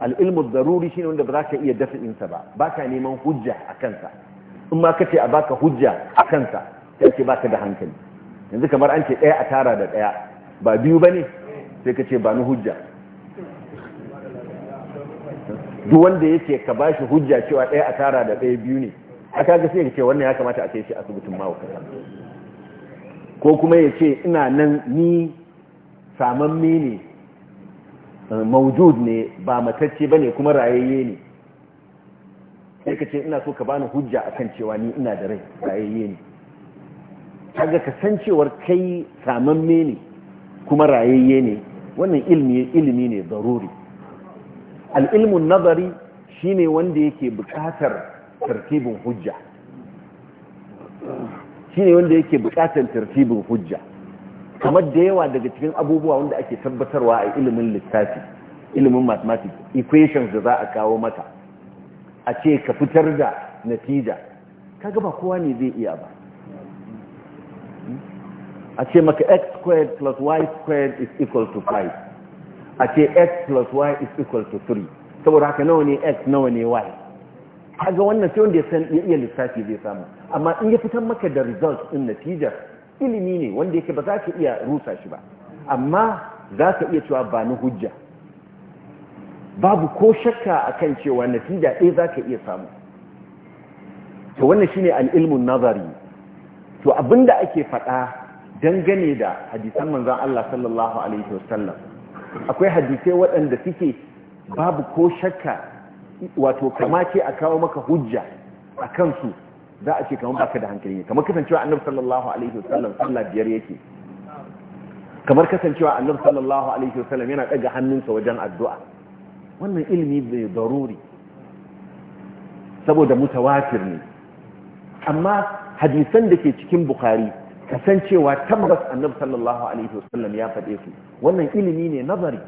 al'ilmu ilmu shi ne wanda ba za ka iya dafa insa ba ka neman hujja a kansa in ma kace a baka hujja a kansa sai ce ka da hankali yanzu kamar an ce ɗaya a tara da ɗaya ba biyu ba ne sai ka ce ba ni hujja duk wanda yake ka ba shi hujja cewa ɗaya a tara da ɗaya biyu ne aka ga sai ka ce wannan ya kamata a kai shi asibitin mawukata ko kuma ya ce ina nan ni samammi ne eh, maujud ne ba matacce ba ne kuma rayayye ne sai ka ce ina so ka bani hujja akan cewa ni ina da rai rayayye ne kaga kasancewar kai samamme ne kuma rayayye ne wannan ilimi ne zaruri al-ilmun nazari shine wanda yake bukatar tartibin hujja shine wanda yake bukatar tartibin hujja kamar da yawa daga cikin abubuwa wanda ake tabbatarwa a ilimin littafi ilimin mathematics equations da za a kawo mata a ce ka fitar da natija kaga ba kowa ne zai iya ba a ce maka x squared plus y squared is equal to 5 a ce x plus y is equal to 3 saboda haka nawa ne x nawa ne y kaga wannan sai wanda ya san ya iya lissafi zai samu amma in ya fitar maka da result din natija ilimi ne wanda yake ba za ka iya rusa shi ba amma za ka iya cewa ba ni hujja babu ko shakka akan cewa natija ɗaya za ka iya samu to wannan shine ilmun nazari to abinda ake faɗa dangane da hadisan manzan Allah sallallahu alaihi wasallam akwai hadisai waɗanda suke babu ko shakka wato kama ce a kawo maka hujja a kansu za a ce kamar baka da hankali ne kamar kasancewa annabi sallallahu alaihi wasallam sallah biyar yake kamar kasancewa annabi sallallahu alaihi wasallam yana daga hannunsa wajen addu'a wannan ilimi bai daruri saboda mutawatir ne amma hadisan da ke cikin bukhari kasancewa tabbas annabi sallallahu alaihi wasallam ya faɗe su wannan ilimi ne nazari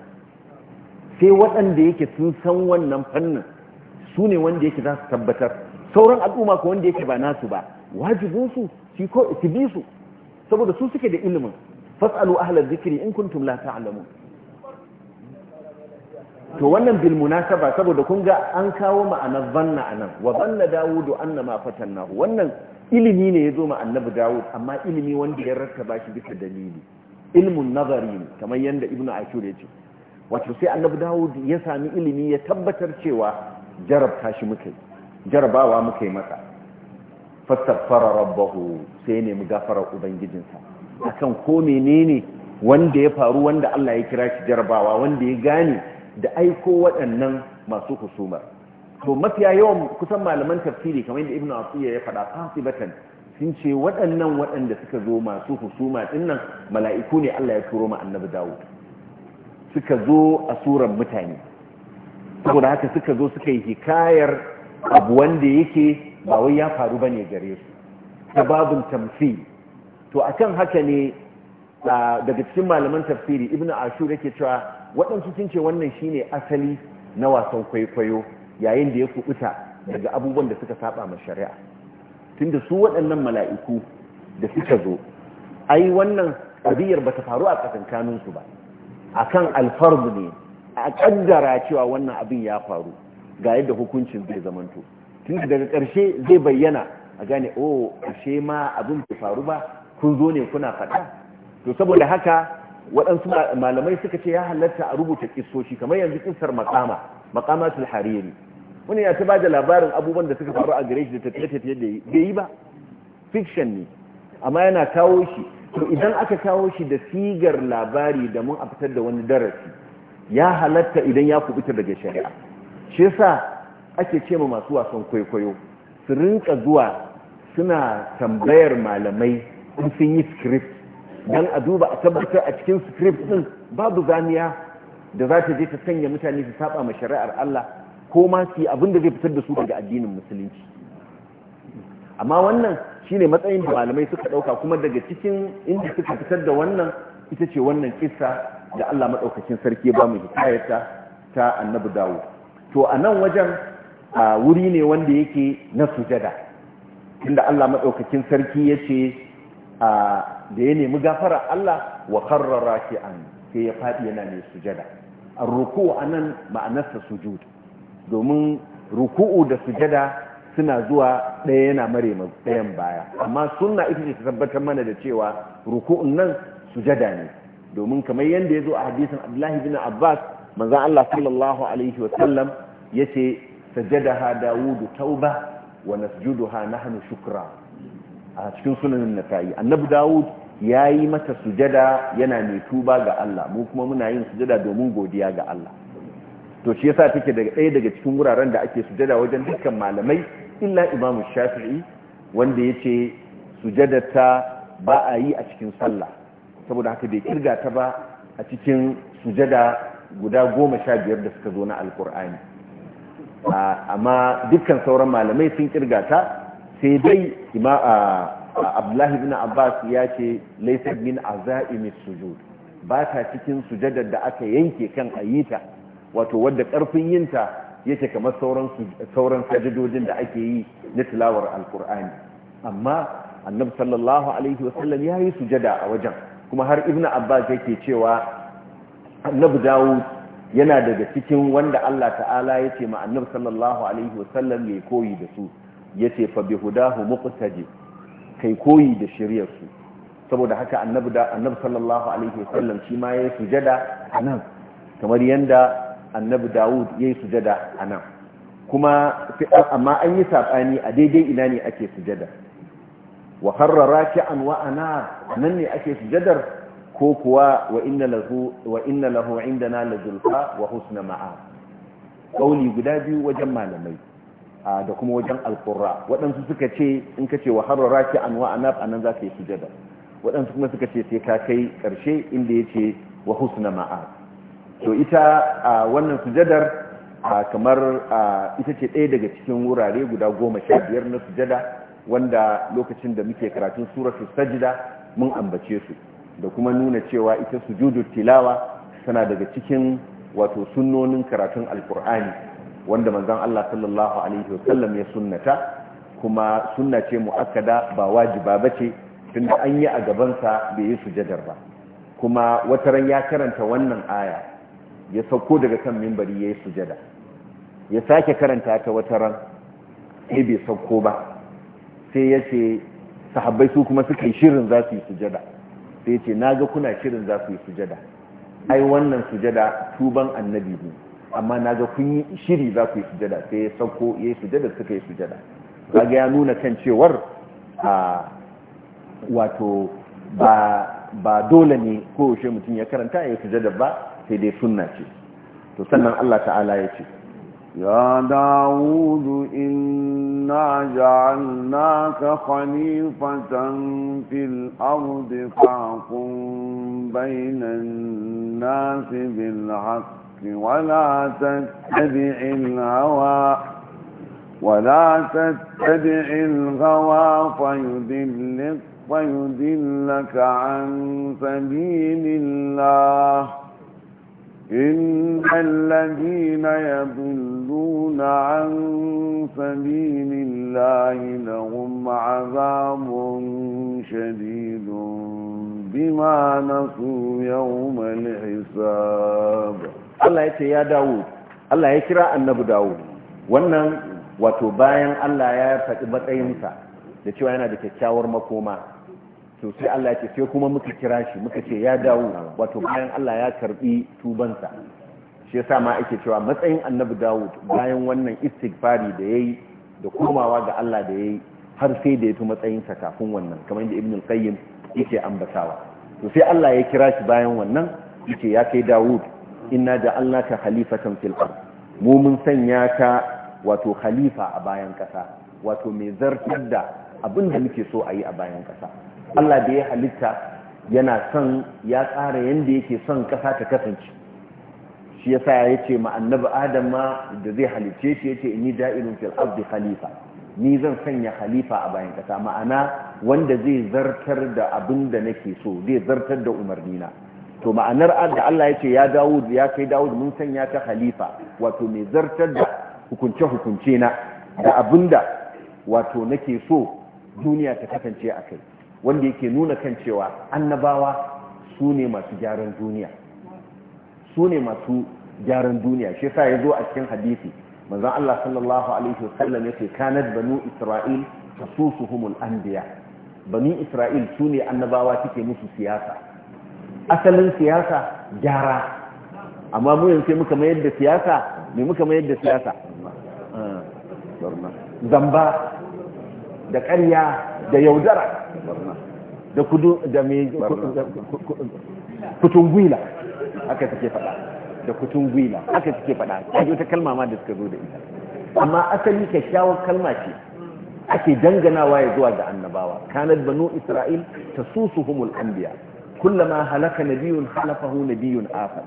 sai waɗanda yake sun san wannan fannin su ne wanda yake za su tabbatar sauran al'umma ko wanda yake ba nasu ba wajibinsu su bi su saboda su suke da ilimin fas'alu ahlar zikiri in kuntum la ta'lamu to wannan bil munasaba saboda kun ga an kawo ma'anar zanna anan wa zanna dawudu annama fatannahu wannan ilimi ne yazo ma annabi dawud amma ilimi wanda ya rattaba shi bisa dalili ilmun nazari kamar yanda ibnu ashur ya ce wato sai annabi dawud ya sami ilimi ya tabbatar cewa jarabta shi muka yi jarabawa muka yi masa fastaghfara rabbahu sai ne mu gafara ubangijinsa akan ko menene wanda ya faru wanda Allah ya kira shi jarabawa wanda ya gane da aiko waɗannan masu husumar to mafiya yawan kusan malaman tafsiri kamar yadda ibnu asiya ya faɗa fasibatan sun ce waɗannan waɗanda suka zo masu husuma dinnan mala'iku ne Allah ya turo ma annabi Dawud suka zo a suran mutane saboda haka suka zo suka yi hikayar abu wanda yake ba wai ya faru bane gare su ta babun tamsi to akan haka ne daga cikin malaman tafsiri ibnu ashur yake cewa waɗansu sun ce wannan shine asali na wasan kwaikwayo yayin da ya kubuta daga abubuwan da suka saba ma shari'a tunda su waɗannan mala'iku da suka zo ai wannan ƙabiyar ba ta faru a kanunsu ba akan alfardu ne a kaddara cewa wannan abin ya faru ga yadda hukuncin zai zamanto tun daga ƙarshe zai bayyana a gane o oh, ashe ma abin bai faru ba kun zo ne kuna faɗa to saboda haka waɗansu malamai suka ce ya halatta a rubuta kissoshi kamar yanzu kissar makama makamatul hariri wani ya ta ba da labarin abubuwan da suka faru a gare shi da tafiye-tafiye da bai yi ba fiction ne amma yana kawo shi to idan aka kawo shi da sigar labari da mun a fitar da wani darasi ya halatta idan ya kubuta daga shari'a shi yasa ake ce ma masu wasan kwaikwayo su rinka zuwa suna tambayar malamai in sun yi script don a duba a tabbatar a cikin script din babu zamiya da za ta je ta sanya mutane su saba ma shari'ar Allah ko ma su abin da zai fitar da su daga addinin musulunci amma wannan shine matsayin da malamai suka dauka kuma daga cikin inda suka fitar da wannan ita ce wannan kissa da Allah madaukakin sarki ba mu hikayata ta annabi dawo to a nan wajen wuri ne wanda yake na sujada inda Allah madaukakin sarki yace da ya nemi gafara Allah wa kharra raki'an sai ya fadi yana ne sujada ar-ruku'u anan ma'anarsa sujud domin ruku'u da sujada suna zuwa ɗaya yana mare ɗayan baya amma sunna ita ce ta tabbatar mana da cewa ruku'un nan sujada ne domin kamar yadda ya zo a hadisin abdullahi bin abbas manzan allah sallallahu alaihi wasallam ya ce ha dawudu tauba wa Nasjudu ha nahnu shukra a cikin sunanin nasa'i annabi dawud ya yi mata sujada yana mai tuba ga allah mu kuma muna yin sujada domin godiya ga allah to shi yasa take daga ɗaya daga cikin wuraren da ake sujada wajen dukkan malamai illa imamu shafi'i wanda yace ce sujadata ba a yi a cikin sallah saboda haka bai kirga ta ba a cikin sujada guda goma sha biyar da suka zo na alkur'ani amma dukkan sauran malamai sun kirga ta sai dai abdullahi bin abbas ya ce laisa min za'imi sujud ba ta cikin sujada da aka yanke kan ayyuta wato wadda karfin yinta yake kamar sauran sauran da ake yi na tilawar alkur'ani amma annabi sallallahu alaihi wasallam ya yi sujada a wajen kuma har ibn abbas yake cewa annabi dawud yana daga cikin wanda Allah ta'ala ya ce ma annabi sallallahu alaihi wasallam ya koyi da su ya ce fa hudahu muqtadi kai koyi da shiryar su saboda haka annabi da annabi sallallahu alaihi wasallam shi ma yayi sujada anan kamar yanda annabi Dawud yayi sujada anan kuma amma an yi sabani a daidai ina ne ake sujada wa kharra raki'an wa ana nan ne ake sujadar ko kuwa wa inna lahu wa inna lahu indana lazulfa wa husna ma'a kauli guda biyu wajen malamai da kuma wajen alqurra waɗansu suka ce in ka ce wa kharra raki'an wa ana anan za ka yi sujada waɗansu kuma suka ce sai ka kai ƙarshe inda yace wa husna ma'a to ita wannan sujadar kamar ita ce ɗaya daga cikin wurare guda goma sha biyar na sujada wanda lokacin da muke karatun suratu sajida mun ambace su da kuma nuna cewa ita sujudu tilawa tana daga cikin wato sunnonin karatun alkur'ani wanda manzon Allah sallallahu alaihi wasallam ya sunnata kuma sunna ce muakkada ba wajiba bace tunda an yi a gabansa bai yi sujadar ba kuma wata ran ya karanta wannan aya ya sauko daga kan mimbari ya yi sujada ya sake karanta ta wataran sai bai sauko ba sai ya ce sahabbai su kuma suka yi shirin za su yi sujada sai ya ce na ga kuna shirin za su yi sujada ai wannan sujada tuban annabi ne amma na ga kun yi shiri za ku yi sujada sai ya sauko ya yi sujada suka yi sujada kaga ya nuna kan cewar a wato ba dole ne ko yaushe mutum ya karanta ya sujada ba sai dai sunna ce to sannan Allah ta'ala ya ce يا داود إنا جعلناك خليفة في الأرض فاحكم بين الناس بالحق ولا تتبع الهوى ولا تتبع الهوى فيدلك فيدلك عن سبيل الله إن الذين يضلون عن سبيل الله لهم عذاب شديد بما نسوا يوم الحساب الله يتي يا داود الله يكرا النبي داود wannan wato bayan Allah ya faɗi matsayinsa da cewa yana da kyakkyawar makoma to sai Allah ya ce sai kuma muka kira shi muka ce ya dawo wato bayan Allah ya karbi tubansa shi yasa ma ake cewa matsayin annabi Dawud bayan wannan istighfari da yayi da komawa ga Allah da yayi har sai da ya matsayin sa kafin wannan kamar yadda Ibn qayyim yake ambatawa to sai Allah ya kira shi bayan wannan yake ya kai Dawud inna ja'alnaka khalifatan fil ard mu mun sanya ka wato khalifa a bayan kasa wato mai zartar da abin da muke so a yi a bayan kasa Allah da ya halitta yana son ya tsara yadda yake son kasa ta kasance shi yasa ya ce ma adam ma da zai halice shi yace ni da'irin fil abdi khalifa ni zan sanya khalifa a bayan kasa ma'ana wanda zai zartar da abin da nake so zai zartar da umarnina to ma'anar da Allah ya ce ya dawo ya kai Dawud mun sanya ta khalifa wato mai zartar da hukunce hukunce na da abinda wato nake so duniya ta kasance a kai wanda yake nuna kan cewa annabawa su ne masu gyaran duniya su ne masu gyaran duniya shi sa ya zo a cikin hadisi manzon Allah sallallahu alaihi wasallam yace kanat banu isra'il tasusuhumul anbiya banu isra'il su ne annabawa suke musu siyasa asalin siyasa gyara amma mu yanzu muka mayar da siyasa me muka mayar da siyasa ah, zamba da ƙarya da yaudara da kudu da mai kutun gwila aka suke faɗa da kutun gwila aka suke faɗa kaji wata kalma ma da suka zo da ita amma asali kyakkyawar kalma ce ake danganawa ya zuwa ga annabawa kanat banu isra'il ta tasusuhumul anbiya kullama halaka nabiyun halafahu nabiyun akhar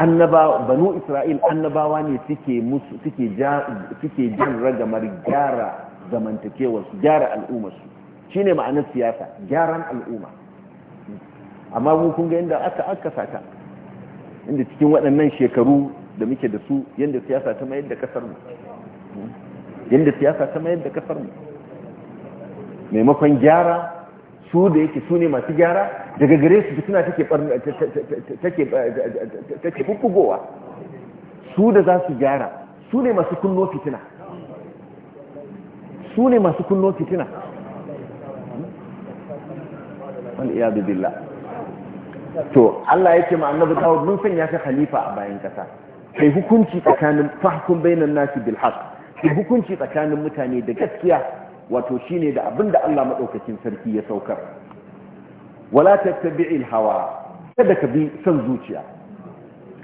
annaba banu isra'il annabawa ne suke musu suke ja suke jin ragamar gyara zamantakewar su gyara al'ummar su Shi ne ma'anar siyasa gyaran al'umma amma mu kunga yadda aka aka sata inda cikin waɗannan shekaru da muke da su yadda siyasa ta mayar da kasar mu yadda siyasa ta mayar da kasar mu maimakon gyara su da yake su ne masu gyara daga gare su suna take take su da za su gyara su ne masu kunno fitina su ne masu kunno fitina wal billah to Allah yake ma ta Dawud mun sanya ka khalifa a bayan kasa kai hukunci tsakanin fahkum bainan nasi bil kai hukunci tsakanin mutane da gaskiya wato shine da abinda Allah maɗaukacin sarki ya saukar wala tattabi'il hawa kada ka bi son zuciya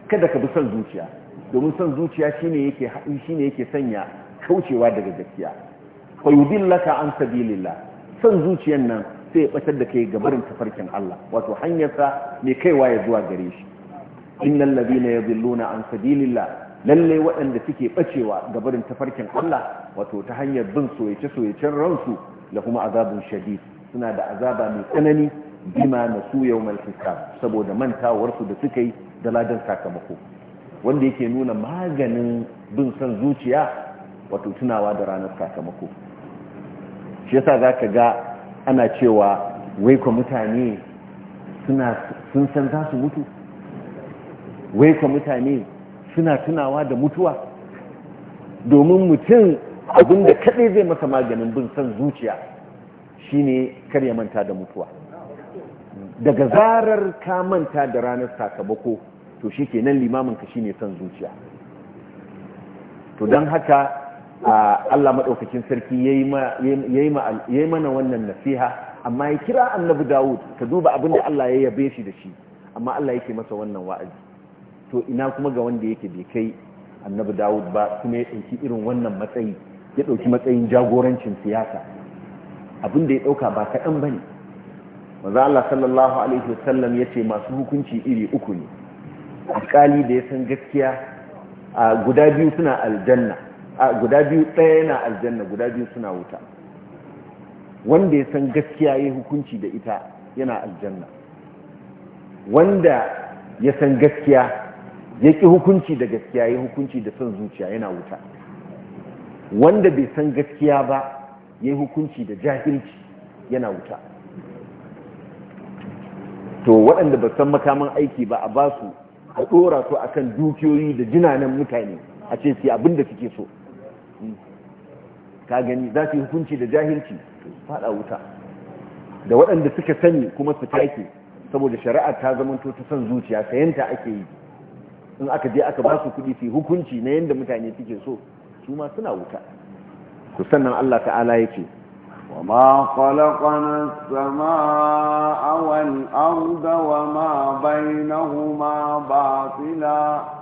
kada ka bi son zuciya domin son zuciya shine yake yake sanya kaucewa daga gaskiya fa laka an sabilillah son zuciyan nan sai ya batar da kai gabarin tafarkin Allah wato hanyarsa ne kaiwa ya zuwa gare shi innal ladina yadhilluna an sabilillah lalle waɗanda suke bacewa barin tafarkin Allah wato ta hanyar bin soyace soyacen ransu da kuma azabun shadid suna da azaba mai tsanani bima nasu yawmal hisab saboda mantawar su da suka yi da ladan sakamako wanda yake nuna maganin bin son zuciya wato tunawa da ranar sakamako shi yasa zaka ga ana cewa wai kwa mutane sun san za su mutu wai kwa mutane suna tunawa da mutuwa domin mutum abin da kaɗai zai masa maganin bin san zuciya shine kar ya manta da mutuwa daga zarar ka manta da ranar sakamako to shi ke kenan limaminka ne son zuciya to don haka Allah maɗaukacin sarki ya yi mana wannan nasiha amma ya kira annabi Dawud ka duba abin da Allah ya yabe shi da shi amma Allah yake masa wannan wa'azi to ina kuma ga wanda yake bai kai annabi Dawud ba kuma ya ɗauki irin wannan matsayi ya ɗauki matsayin jagorancin siyasa abin da ya ɗauka ba kaɗan ba ne maza Allah sallallahu alaihi wasallam ya ce masu hukunci iri uku ne alƙali da ya san gaskiya guda biyu suna aljanna guda biyu ɗaya na aljanna guda biyu suna wuta wanda ya san gaskiya ya hukunci da ita yana aljanna wanda ya san gaskiya ya ƙi hukunci da gaskiya ya hukunci da son zuciya yana wuta wanda bai san gaskiya ba ya hukunci da jahilci yana wuta to waɗanda ba san makaman aiki ba a basu a ɗora su akan dukiyoyi da jinanen mutane a ce si abin da suke so ka gani za su yi hukunci da jahilci to fada wuta da waɗanda suka sani kuma su take saboda shari'a ta zamanto ta son zuciya sayanta ake yi in aka je aka ba su kuɗi su hukunci na yadda mutane suke so su ma suna wuta ku sannan Allah ta'ala yake وما wal arda wa ma bainahuma باطلا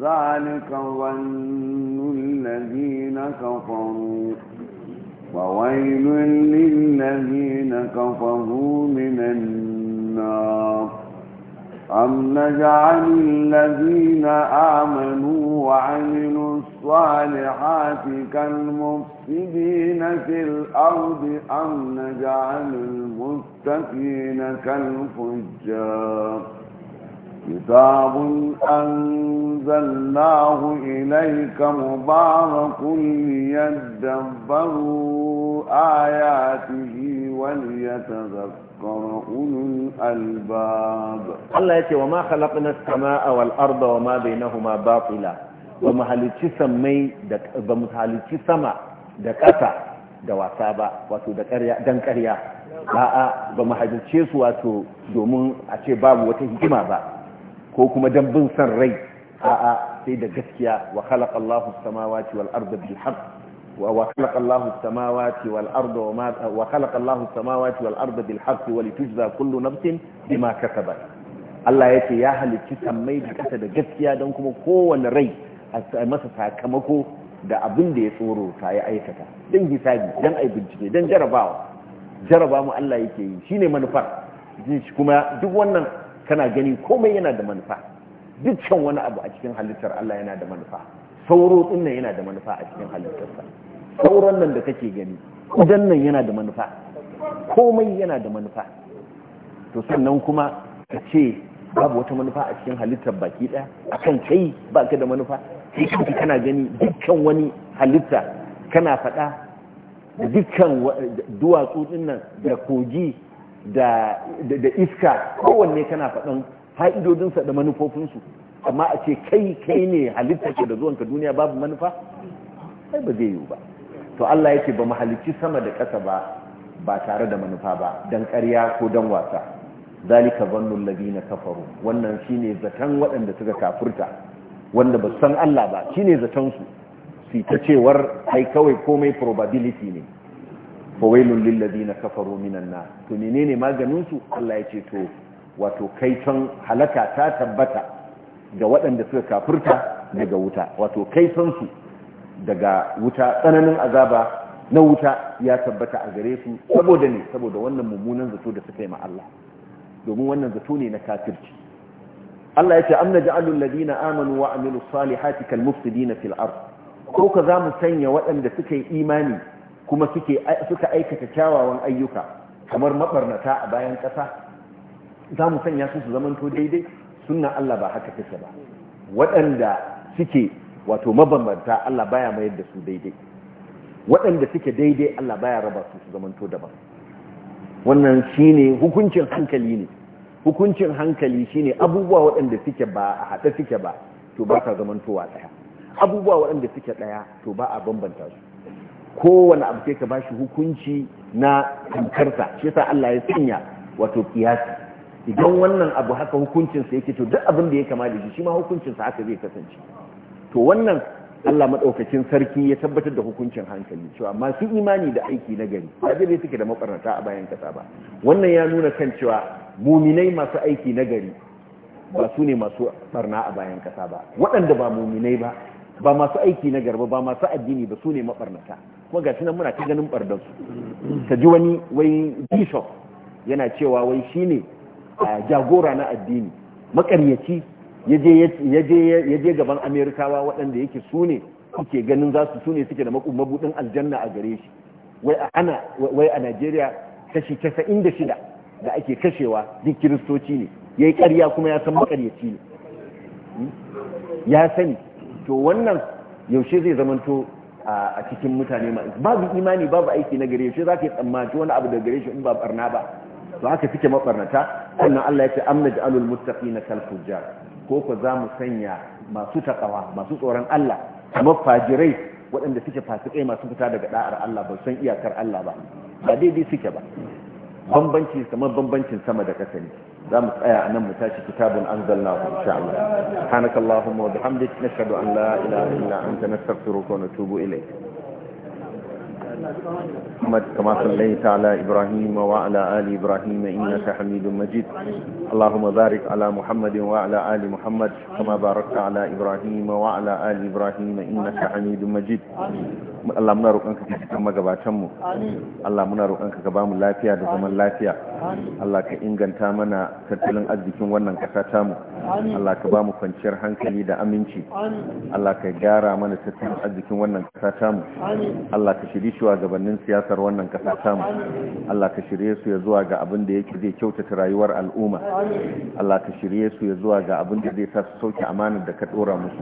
ذلك ظن الذين كفروا وويل للذين كفروا من النار أم نجعل الذين آمنوا وعملوا الصالحات كالمفسدين في الأرض أم نجعل المتقين كالفجار كتاب أنزلناه إليك مبارك ليدبروا آياته وليتذكر أولو الألباب الله يتي وما خلقنا السماء والأرض وما بينهما باطلا وما هلتي سمي وما هلتي سما دكتا دواسابا واتو دنكريا ba'a ba mu hajjace su wato domin a ce babu wata hikima ba ko kuma dan bin san rai a'a sai da gaskiya wa khalaqa Allahu samawati wal arda bil haqq wa khalaqa Allahu samawati wal arda wa ma wa khalaqa Allahu samawati wal arda bil haqq wa tujza kullu nafsin bima kasabat Allah yake ya halicci sammai da kasa da gaskiya dan kuma kowanne rai a masa sakamako da abin da ya tsoro ta ya aikata dan hisabi dan ai bincike dan jarabawa jaraba mu Allah yake yi shine manufar kuma duk wannan kana gani komai yana da manufa dukkan wani abu a cikin halittar Allah yana da manufa sauro din nan yana da manufa a cikin halittarsa sauran nan da kake gani idan nan yana da manufa komai yana da manufa to sannan kuma ka ce babu wata manufa a cikin halittar baki daya akan kai baka da manufa sai kanki kana gani dukkan wani halitta kana faɗa da dukkan duwatsu din da kogi da iska kowanne kana faɗin fa'idodinsa da manufofinsu amma a ce kai kai ne halitta ke da zuwanka duniya babu manufa sai ba zai yiwu ba to Allah ya ce ba mahalicci sama da ƙasa ba ba tare da manufa ba don ƙarya ko don wasa zalika zannun na kafaru wannan shine zaton waɗanda suka kafurta wanda ba san Allah ba shine zaton su su cewar ai kawai komai probability ne fawailun na kafaru minan na. to menene maganin su Allah ya ce to wato kaiton halaka ta tabbata ga waɗanda suka kafurta daga wuta wato kaiton su daga wuta tsananin azaba na wuta ya tabbata a gare su saboda ne saboda wannan mummunan zato da suka yi ma Allah domin wannan zato ne na kafirci Allah ya ce amna ja'alu alladhina amanu wa amilus salihati kal mufsidina fil ard ko ka zamu sanya waɗanda suka yi imani kuma suka aikata kyawawan ayyuka kamar mabarnata a bayan ƙasa za mu sanya su su zamanto daidai sunna Allah ba haka take ba waɗanda suke wato mabambanta Allah baya mayar da su daidai waɗanda suke daidai Allah baya raba su su zamanto daban wannan shine hukuncin hankali ne hukuncin hankali shine abubuwa waɗanda suke ba a haɗe suke ba to ba ka zamantowa ɗaya abubuwa waɗanda suke ɗaya to ba a bambanta su kowane abu sai ka bashi hukunci na kankarsa shi yasa Allah ya sanya wato kiyasi idan wannan abu haka hukuncinsa yake to duk abin da ya kama da shi shi ma hukuncinsa haka zai kasance to wannan Allah maɗaukacin sarki ya tabbatar da hukuncin hankali cewa masu imani da aiki na gari ba zai suke da makarnata a bayan kasa ba wannan ya nuna kan cewa muminai masu aiki na gari ba su ne masu barna a bayan kasa ba waɗanda ba muminai ba ba masu aiki na garba ba masu addini ba su ne mabarnata kuma ga nan muna ta ganin ɓardansu. su ta ji wani wai bishop yana cewa wai shi ne jagora na addini makaryaci ya je gaban amerikawa waɗanda yake su ne suke ganin za su su ne suke da mabuɗin aljanna a gare shi wai a najeriya kashi casa'in da shida da ake kashewa duk kiristoci ne ya yi ƙarya kuma ya san makaryaci ne hmm? ya sani to wannan yaushe zai zamanto a cikin mutane ma babu imani babu aiki na gare yaushe za ka yi tsammaci wani abu da gare shi in ba barna ba to haka suke mabarnata sannan Allah ya ce amna ja'alul muttaqina kal fujjar ko ko za mu sanya masu takawa masu tsoron Allah kamar fajirai waɗanda suke fasikai masu fita daga da'ar Allah ba san iyakar Allah ba ba daidai suke ba bambanci kamar bambancin sama da ƙasa za mu tsaya a nan mu tashi kitabun an zalla ku insha Allah subhanaka wa bihamdik nashhadu an la ilaha illa anta nastaghfiruka wa natubu ilayk محمد كما صليت على إبراهيم وعلى آل إبراهيم إنك حميد مجيد اللهم بارك على محمد وعلى آل محمد كما باركت على إبراهيم وعلى آل إبراهيم إنك Majid. Allah muna roƙonka ka cikin magabatan mu Allah muna roƙonka ka bamu lafiya da zaman lafiya Allah ka inganta mana tattalin arzikin wannan ƙasa ta mu Allah ka bamu kwanciyar hankali da aminci Allah ka gyara mana tattalin arzikin wannan ƙasa ta mu Allah ka shiri shi gabanin siyasar wannan ƙasa ta mu Allah ka shirye su ya zuwa ga abin da yake zai kyautata rayuwar al'umma Allah ka shirye su ya zuwa ga abin da zai sa su sauke amanar da ka ɗora musu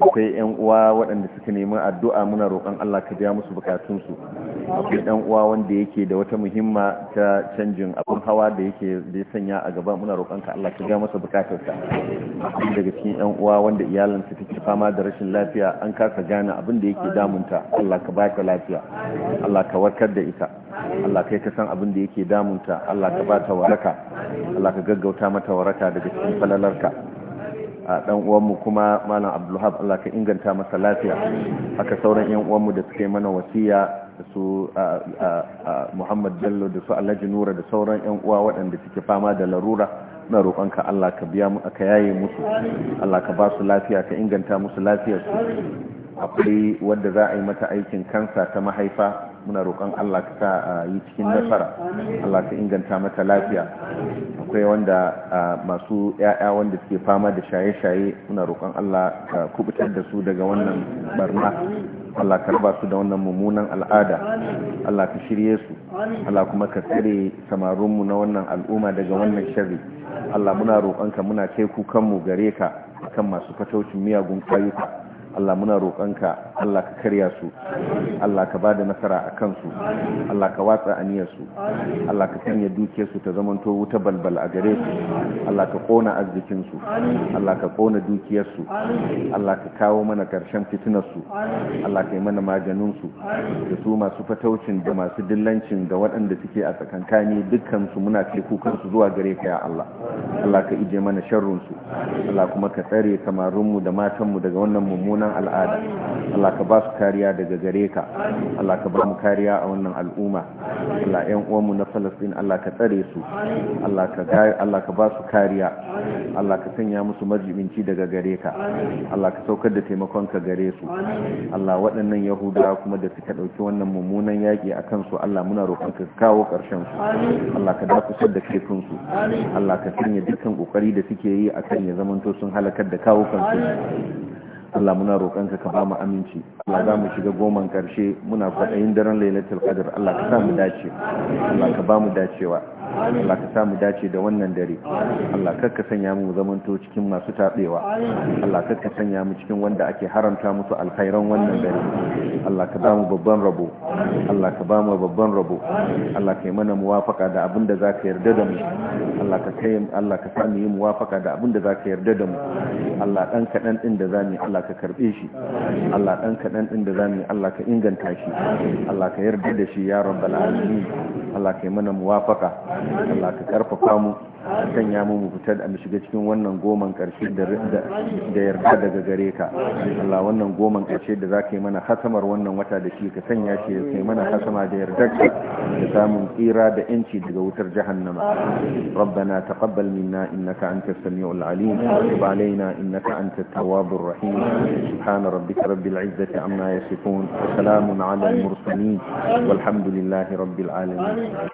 akwai yan uwa waɗanda suka nemi addu'a muna roƙon Allah ka biya musu bukatunsu akwai 'yan uwa wanda yake da wata muhimma ta canjin abin hawa da yake da sanya a gaba muna roƙon ka Allah ka biya masa bukatunsa akwai daga cikin yan uwa wanda iyalansa take fama da rashin lafiya an kasa gane abin da yake damunta Allah ka baka lafiya Allah ka warkar da ita Allah kai ka san abin da yake damunta Allah ka ba ta waraka Allah ka gaggauta mata waraka daga cikin falalarka a ɗan uwanmu kuma malam abdulhab Allah ka inganta masa lafiya haka sauran yan uwanmu da suke mana wasiya da su Muhammad Bello da su Alhaji Nura da sauran yan uwa waɗanda suke fama da larura na roƙonka Allah ka biya mu ka yaye musu Allah ka ba su lafiya ka inganta musu lafiyar su akwai wadda za a yi mata aikin kansa ta mahaifa muna roƙon Allah ka sa yi cikin nasara Allah ka inganta mata lafiya akwai wanda masu ya'ya wanda suke fama da shaye-shaye muna roƙon Allah ka kubutar da su daga wannan barna Allah ka raba su da wannan mummunan al'ada Allah ka shirye su Allah kuma ka tsare samarunmu na wannan al'umma daga wannan sharri Allah muna ka muna kai kukanmu gare ka kan masu fataucin miyagun kwayuka. Allah muna roƙonka Allah ka karya su Allah ka ba nasara a kansu Allah ka watsa aniyarsu Allah ka sanya dukiyarsu ta zamanto wuta balbal a gare su Allah ka ƙona arzikinsu Allah ka ƙona dukiyarsu Allah ka kawo mana ƙarshen fitinarsu Allah ka yi mana maganinsu da su masu fataucin da masu dillancin da waɗanda suke a tsakankani dukkansu muna ce kukansu zuwa gare ka ya Allah Allah ka ije mana sharrunsu Allah kuma ka tsare samarinmu da matanmu daga wannan mummuna wannan al'ada Allah ka ba su kariya daga gare ka Allah ka ba mu kariya a wannan al'umma Allah ƴan uwanmu na Falastin Allah ka tsare su Allah ka Allah ka ba su kariya Allah ka sanya musu majibinci daga gare ka Allah ka saukar da taimakon ka gare su Allah waɗannan Yahudawa kuma da suka ɗauki wannan mummunan yaƙi a kansu Allah muna roƙon ka kawo ƙarshen su Allah ka dakusar da kaifin su Allah ka sanya dukkan kokari da suke yi akan ya zamanto sun halakar da kawo kansu Allah muna roƙon ka ba mu aminci Allah za mu shiga goman ƙarshe muna kwaɗayin daren lailatul qadr Allah ka sa mu dace Allah ka ba dacewa Allah ka samu dace da wannan dare Allah ka sanya mu zamanto cikin masu tabewa Allah ka sanya mu cikin wanda ake haramta musu alkhairan wannan dare Allah ka ba mu babban rabo Allah ka ba mu babban rabo Allah ka yi mana muwafaka da abin da zaka yarda da mu Allah ka kai Allah ka sa mu yi muwafaka da abin da zaka yarda da mu Allah dan kadan din da zamu Allah ka karbe shi Allah dan kadan din da zamu Allah ka inganta shi Allah ka yarda da shi ya rabbal alamin Allah ka yi mana muwafaka Allah ka karfafa mu kan mu mu fita da mu shiga cikin wannan goman karshe da da yarda daga gare ka Allah wannan goman karshe da zaka yi mana hasamar wannan wata da shi ka sanya shi ya kai mana hasama da yarda da samun tsira da yanci daga wutar jahannama rabbana taqabbal minna innaka antas samiul alim tub علينا innaka antat tawwabur rahim سبحان ربك رب العزه عما يصفون وسلام على المرسلين والحمد لله رب العالمين